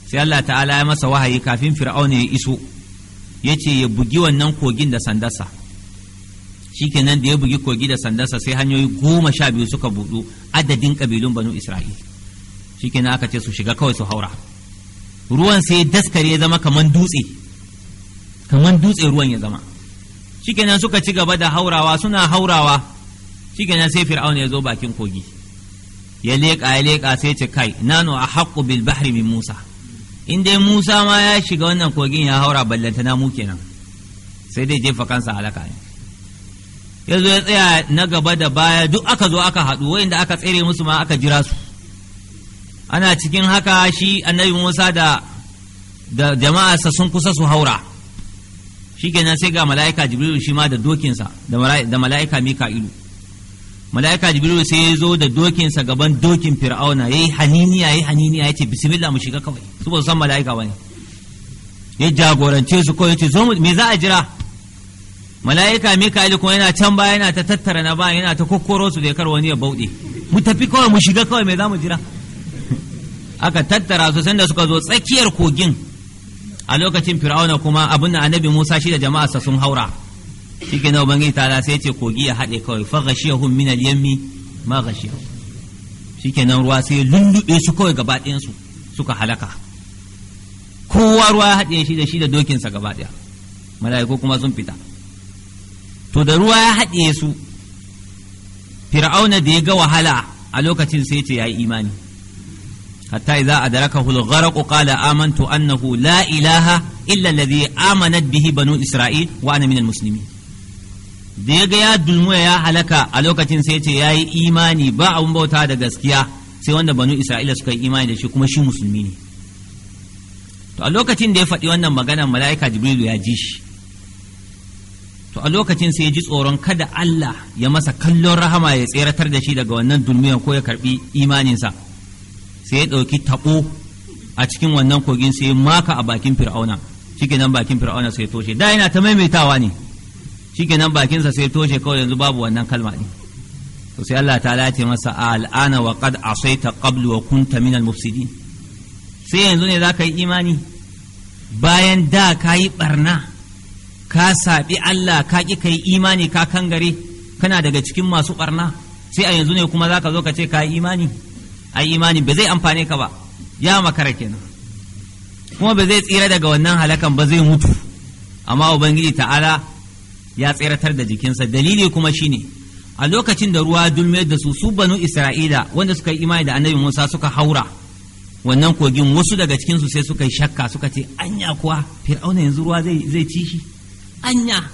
sai Allah ta'ala ya masa wahayi kafin fir'auna ya iso ya ce ya bugi wannan kogin da sandarsa shikenan da ya bugi kogi da sandarsa sai hanyoyi goma sha biyu suka buɗu adadin ƙabilun banu isra'il shikenan aka ce su shiga kawai su haura ruwan sai daskare ya zama kaman dutse kaman dutse ruwan ya zama shikenan suka ci gaba da haurawa suna haurawa shikenan sai fir'auna ya zo bakin kogi ya leƙa ya leƙa sai ce kai nano a haƙƙu bil bahri min musa in dai musa ma ya shiga wannan kogin ya haura ballantana mu kenan sai dai jefa kansa alaka ne ya zo ya tsaya na gaba da baya duk aka zo aka haɗu wainda aka tsere musu ma aka jira su ana cikin haka shi annabi musa da da jama'arsa sun kusa su haura shi kenan sai ga mala'ika jibrilu shi ma da dokinsa da mala'ika mika'ilu mala'ika jibril sai ya zo da dokinsa gaban dokin fir'auna yayi haniniya yayi haniniya yace bismillah mu shiga kawai su ba san mala'ika wani. ya jagorance su ko yace zo me za a jira mala'ika mika'il kuma yana can baya yana ta tattara na ba yana ta kokkoro su da kar wani ya bauɗe mu tafi kawai mu shiga kawai me za mu jira aka tattara su sanda suka zo tsakiyar kogin a lokacin fir'auna kuma abin annabi musa shi da jama'arsa sun haura shike na ubangiji ta'ala sai ce kogi ya haɗe kawai fa ghashiyahum min al-yammi ma ghashiyahum shike nan ruwa sai lullube su kawai gaba su suka halaka kowa ruwa ya haɗe shi da shi da dokinsa gaba ɗaya mala'iku kuma sun fita to da ruwa ya haɗe su fir'auna da ya ga wahala a lokacin sai ce ya yi imani hatta idza adrakahu al-gharq qala amantu annahu la ilaha illa alladhi amanat bihi banu isra'il wa ana minal muslimin da ya ga ya dulmuya ya halaka a lokacin sai ce ya yi imani ba abun bauta da gaskiya sai wanda banu isra'ila suka yi imani da shi kuma shi musulmi ne to a lokacin da ya faɗi wannan maganar mala'ika jibrilu ya ji shi to a lokacin sai ya ji tsoron kada Allah ya masa kallon rahama ya tseratar da shi daga wannan dulmiyan ko ya karbi imaninsa sai ya ɗauki taɓo a cikin wannan kogin sai ya maka a bakin fir'auna cikin nan bakin fir'auna sai ya toshe da yana ta maimaitawa ne shikenan bakinsa sai toshe kawai yanzu babu wannan kalma ne to sai Allah ta ce masa al'ana wa qad asaita qablu wa kunta min al-mufsidin sai yanzu ne zaka yi imani bayan da ka yi barna ka saɓi Allah ka ƙi ka yi imani ka kangare kana daga cikin masu barna sai a yanzu ne kuma zaka zo ka ce ka yi imani ai imani ba zai amfane ka ba ya makara kenan kuma ba zai tsira daga wannan halakan ba zai mutu amma ubangiji ta'ala ya tseratar da jikinsa dalili kuma shine a lokacin da ruwa dulme da su su banu isra'ila wanda suka yi imani da annabi musa suka haura wannan kogin wasu daga cikin su sai suka yi shakka suka ce anya kuwa fir'auna yanzu ruwa zai ci shi anya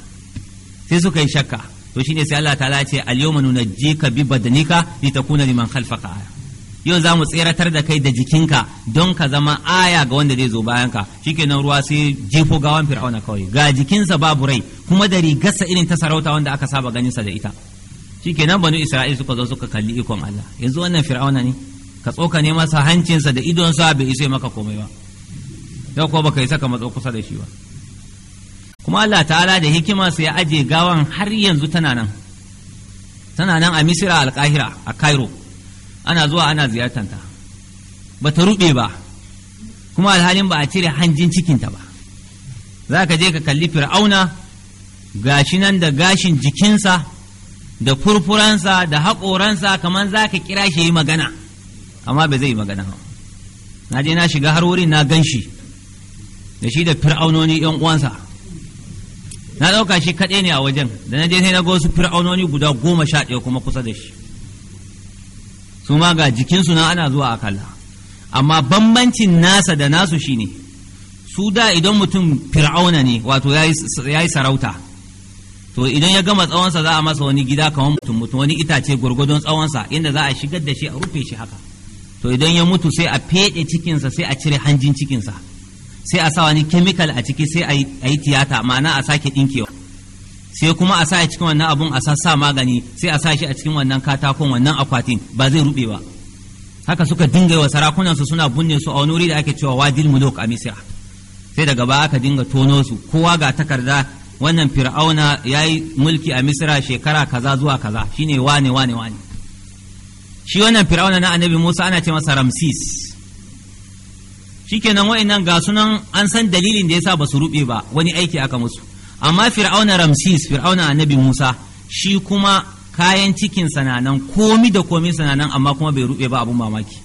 sai suka yi shakka to shine sai Allah ta'ala ce al-yawma nunajjika bi badanika litakuna liman khalfaka aya yau za mu tseratar da kai da jikinka don ka zama aya ga wanda zai zo bayanka shikenan ruwa sai jefo gawan fir'auna kawai ga jikinsa babu rai kuma da rigarsa irin ta sarauta wanda aka saba sa da ita shikenan banu isra'il suka zo suka kalli ikon Allah yanzu wannan fir'auna ne ka tsoka ne masa hancinsa da idon sa bai isa maka komai ba yau ko baka isa ka matso kusa da shi ba kuma Allah ta'ala da hikima su ya aje gawan har yanzu tana nan tana nan a Misira al-Qahira a Cairo ana zuwa ana ziyartanta ba ta ruɓe ba kuma alhalin ba a cire hanjin cikinta ba za ka je ka kalli fir'auna gashi nan da gashin jikinsa da furfuransa da haƙoransa kamar za ka kira shi yi magana amma bai zai yi magana ba na je na shiga har wurin na gan shi da shi da fir'aunoni yan uwansa na ɗauka shi kaɗai ne a wajen da na je sai na ga wasu fir'aunoni guda goma sha ɗaya kuma kusa da shi su ma ga jikinsu na ana zuwa a kalla amma bambancin nasa da nasu shine su da idan mutum fir'auna ne wato ya yi sarauta to idan ya gama tsawonsa za a masa wani gida kamar mutum mutum wani itace gwargwadon tsawonsa inda za a shigar da shi a rufe shi haka to idan ya mutu sai a feɗe cikinsa sai a cire hanjin cikinsa sai a sa wani kemikal a ciki sai a yi tiyata ma'ana a sake ɗinkewa sai kuma a sa a cikin wannan abun a sa magani sai a sa shi a cikin wannan katakon wannan akwatin ba zai rube ba haka suka dinga wa sarakunan su suna bunne su a wani wuri da ake cewa wadil muluk a misra sai daga ba aka dinga tono su kowa ga takarda wannan fir'auna ya yi mulki a misra shekara kaza zuwa kaza shine wane wane wane shi wannan fir'auna na annabi musa ana ce masa ramsis shikenan wa'annan ga sunan an san dalilin da yasa ba su rube ba wani aiki aka musu amma fir'auna ramsis fir'auna annabi musa shi kuma kayan cikin sananan komi da komi sananan amma kuma bai rube ba abun mamaki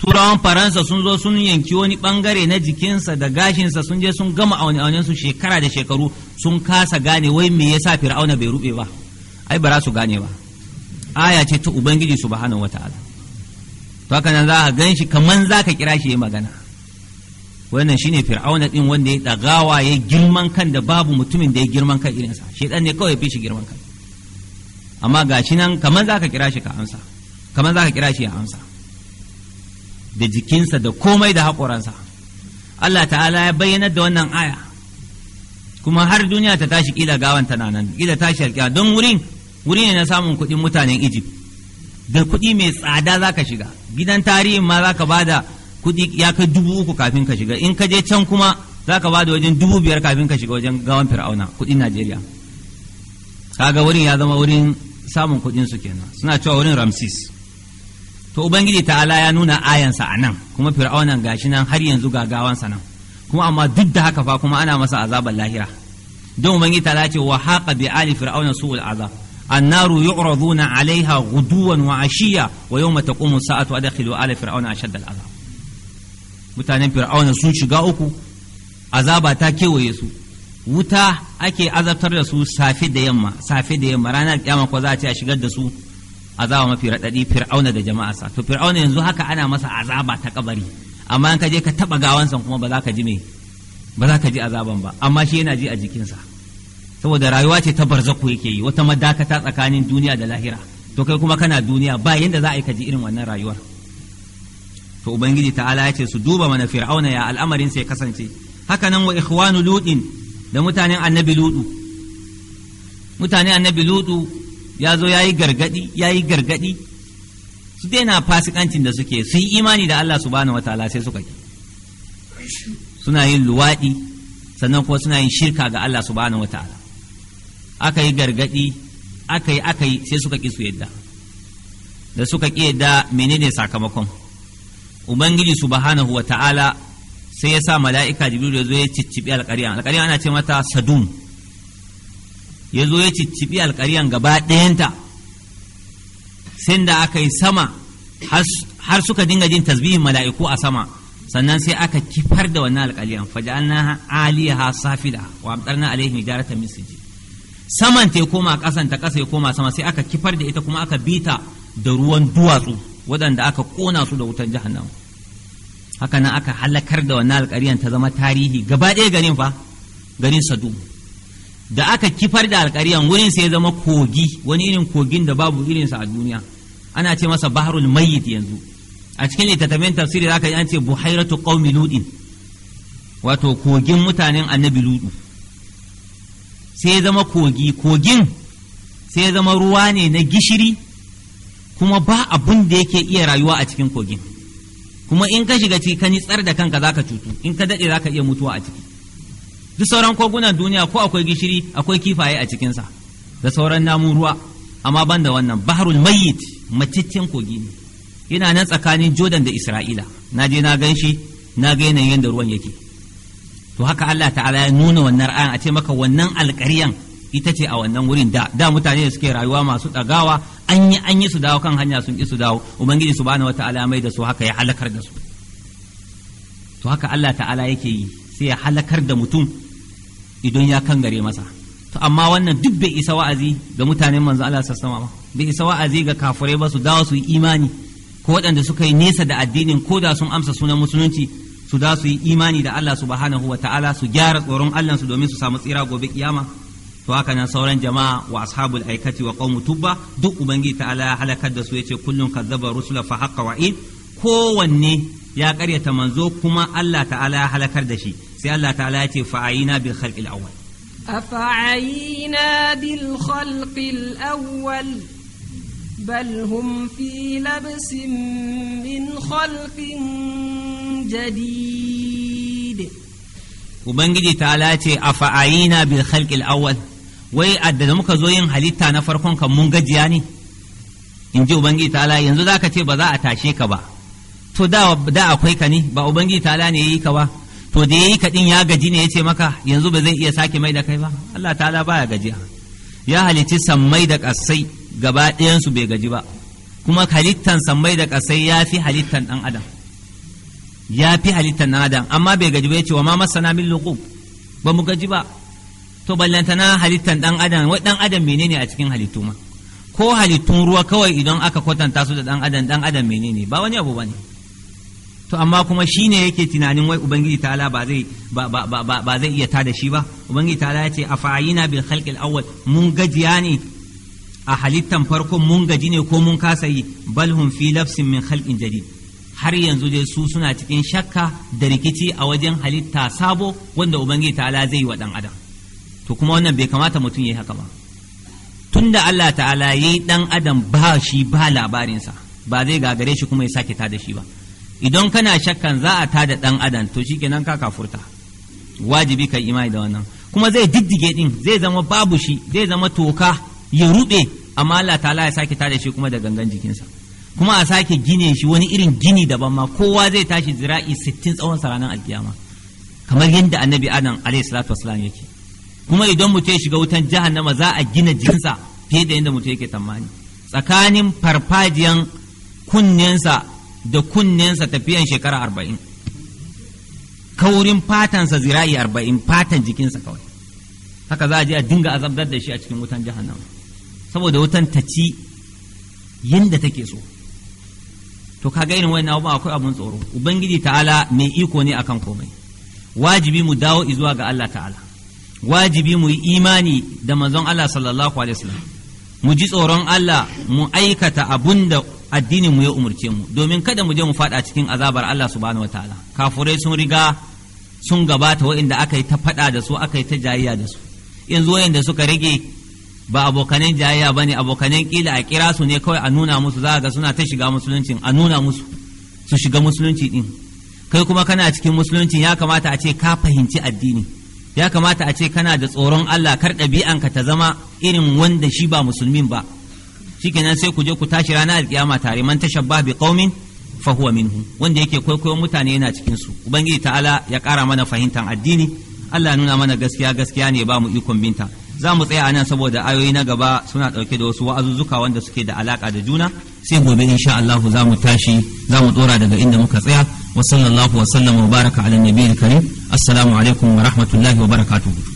turawan faransa sun zo sun yanki wani bangare na jikinsa da gashinsa sun je sun gama aune su shekara da shekaru sun kasa gane wai me yasa fir'auna bai rube ba ai ba za su gane ba aya ce ta ubangiji subhanahu wataala to haka nan za ka gan shi kaman za ka kira shi ya magana wannan shine fir'auna din wanda ya dagawa ya girman kan da babu mutumin da ya girman kan irinsa shedan ne kawai fi shi girman kan amma gashi nan kaman zaka kira shi ka amsa kaman zaka kira shi ya amsa da jikinsa da komai da haƙoransa Allah ta'ala ya bayyana da wannan aya kuma har duniya ta tashi kila gawan tana nan kila tashi alƙiya don wurin wuri ne na samun kuɗin mutanen Egypt da kuɗi mai tsada zaka shiga gidan tarihin ma zaka bada kuɗi ya kai dubu uku kafin ka shiga in ka je can kuma za ka bada wajen dubu biyar kafin ka shiga wajen gawan fir'auna kuɗin najeriya kaga wurin ya zama wurin samun kuɗin su kenan suna cewa wurin ramses to ubangiji ala ya nuna ayansa a nan kuma fir'aunan gashi nan har yanzu ga gawansa nan kuma amma duk da haka fa kuma ana masa azabar lahira don ubangiji ala ce wa haqa bi ali fir'auna su'ul azab النار يعرضون عليها غدوا وعشيا ويوم تقوم الساعة وأدخلوا آل فرعون أشد العذاب mutanen fir'auna sun shiga uku azaba ta kewaye su wuta ake azabtar da su safe da yamma safe da yamma ranar kiyama ko za a ce a shigar da su azaba mafi raɗaɗi fir'auna da jama'arsa to fir'auna yanzu haka ana masa azaba ta kabari amma in ka je ka taɓa gawansa kuma ba za ka ji me ba za ka ji azaban ba amma shi yana ji a jikinsa saboda rayuwa ce ta barzaku yake yi wata madakata tsakanin duniya da lahira to kai kuma kana duniya ba yanda za a yi ka ji irin wannan rayuwar to ubangiji ta'ala ya ce su duba mana fir'auna ya al'amarin sai kasance haka nan wa ikhwanu ludin da mutanen annabi ludu mutanen annabi ludu ya zo ya yi gargadi ya yi gargadi su daina fasikancin da suke su yi imani da Allah subhanahu wataala sai suka ki suna yin luwadi sannan kuma suna yin shirka ga Allah subhanahu wataala aka yi gargadi aka yi aka yi sai suka ki su yadda da suka ki yadda menene sakamakon ubangiji subhanahu wa ta'ala sai ya sa mala'ika jibril ya zo ya ciccibi alƙaryan alƙaryan ana ce mata sadun ya zo ya ciccibi alƙaryan gaba ɗayanta sai da aka yi sama har suka dinga jin tasbihin mala'iku a sama sannan sai aka kifar da wannan alƙaryan faja'alna aliyaha safida wa amtarna na ijaratan jarata misiji saman ta ya koma ƙasan ta ƙasa ya koma sama sai aka kifar da ita kuma aka bita da ruwan duwatsu waɗanda aka ƙona su da wutan jahannan, haka nan aka halakar da wannan alƙaryan ta zama tarihi gaba ɗaya garin fa garin sadu da aka kifar da alƙaryan wurin sai zama kogi wani irin kogin da babu irinsa a duniya ana ce masa baharul mayyit yanzu a cikin littattafin tafsiri zaka ji an ce buhairatu qaumi ludin wato kogin mutanen annabi ludu sai zama kogi kogin sai zama ruwa ne na gishiri kuma ba abun da yake iya rayuwa a cikin kogin kuma in ka shiga ciki ka nitsar da kanka zaka cutu in ka daɗe zaka iya mutuwa a ciki duk sauran kogunan duniya ko akwai gishiri akwai kifaye a cikinsa da sauran namun ruwa amma ban da wannan baharul mayyit mataccen kogi ne yana nan tsakanin jordan da isra'ila na je na gan shi na ga yanayin yadda ruwan yake to haka allah ta'ala ya nuna wannan ra'ayin a ce maka wannan alƙaryan ita ce a wannan wurin da da mutane da suke rayuwa masu ɗagawa an yi an yi su dawo kan hanya sun ki su dawo ubangiji subhanahu wataala mai da su haka ya halakar da su to haka Allah ta'ala yake yi sai ya halakar da mutum idan ya kangare masa to amma wannan duk bai isa wa'azi ga mutanen manzo Allah sallallahu alaihi bai isa wa'azi ga kafirai ba su dawo su yi imani ko waɗanda suka yi nesa da addinin ko da sun amsa sunan musulunci su da su yi imani da Allah subhanahu wa ta'ala su gyara tsoron Allah su domin su samu tsira gobe kiyama to haka nan sauran jama'a wa ashabul aikati wa qaumu tubba duk ubangiji ta'ala ya halakar da su yace kullun kazzaba rusula fa haqqa wa'id kowanne ya karyata manzo kuma Allah ta'ala ya halakar da shi sai Allah ta'ala ya ce fa'ayina bil khalqil awwal
afa'ayina bil khalqil awwal بل هم في لبس من خلق جديد
وبنجي تعالى أفعينا بالخلق الأول wai da muka zo yin halitta na farkon kan mun gajiya ne in ji ubangiji ta'ala yanzu za ka ce ba za a tashe ka ba to da da akwai ka ne ba ubangiji ta'ala ne yayi ka ba to da yayi ka din ya gaji ne ya ce maka yanzu ba zai iya sake mai da kai ba Allah ta'ala baya gajiya ya halitti sammai da kasai gaba ɗayan su bai gaji ba kuma halittan sammai da kasai ya fi halittan ɗan adam ya fi halittan dan adam amma bai gaji ba ya wa ma masana min luqub ba mu gaji ba to ballantana halittan dan adam wai dan adam menene a cikin halittu ma ko halittun ruwa kawai idan aka kwatanta su da dan adam dan adam menene ba wani abu bane to amma kuma shine yake tunanin wai ubangiji ta'ala ba zai ba ba ba ba zai iya tada shi ba ubangiji ta'ala ya ce afa'ina bil khalqil awwal mun gajiya ne a halittan farkon mun gaji ne ko mun kasa yi bal hum fi lafsin min khalqin jadid har yanzu dai su suna cikin shakka da rikici a wajen halitta sabo wanda ubangiji ta'ala zai yi wa dan adam to kuma wannan bai kamata mutum ya yi haka ba tunda Allah ta'ala ya yi dan adam ba shi ba labarinsa ba zai gagare shi kuma ya sake tada shi ba idan kana shakkan za a tada dan adam to kenan ka kafurta wajibi ka imani da wannan kuma zai diddige din zai zama babu shi zai zama toka ya ruɓe amma Allah ta'ala ya sake tada shi kuma da gangan jikinsa kuma a sake gine shi wani irin gini daban ma kowa zai tashi zira'i sittin tsawon sa ranar alkiyama kamar yadda annabi adam alaihi salatu wasalam yake kuma idan mutum ya shiga wutan jahannama za a gina jikinsa fiye da yadda mutum yake tsammani tsakanin farfajiyan kunnensa da kunnensa tafiyan shekara arba'in kaurin fatansa zira'i arba'in fatan jikinsa kawai haka za a je a dinga azabtar da shi a cikin wutan jahannama saboda wutan ta ci yadda take so to kaga irin wannan abubuwa akwai abun tsoro ubangiji ta'ala mai iko ne akan komai wajibi mu dawo izuwa ga Allah ta'ala wajibi mu yi imani da manzon Allah sallallahu alaihi wasallam mu ji tsoron Allah mu aikata abun da addinin mu ya umurce mu domin kada mu je mu fada cikin azabar Allah subhanahu wataala kafurai sun riga sun gabata waɗanda aka yi ta fada da su aka yi ta jayayya da su yanzu waɗanda suka rage ba abokanen jayayya ne abokanen kila a kira su ne kawai a nuna musu za ga suna ta shiga musuluncin a nuna musu su shiga musulunci din kai kuma kana cikin musulunci ya kamata a ce ka fahimci addini ya kamata a ce kana da tsoron Allah kar ɗabi'anka ta zama irin wanda shi ba musulmin ba shikenan sai ku je ku tashi rana alkiyama tare man tashabba bi qaumin fa huwa minhu wanda yake kwaikwayon mutane yana cikin su ubangiji ta'ala ya ƙara mana fahimtar addini Allah nuna mana gaskiya gaskiya ne ba mu ikon binta za mu tsaya a nan saboda ayoyi na gaba suna ɗauke da wasu wa'azuzzuka wanda suke da alaƙa da juna sai gobe insha Allah za mu tashi za mu tsora daga inda muka tsaya wa sallallahu wa sallama wa baraka ala nabiyil karim assalamu alaikum wa rahmatullahi wa barakatuhu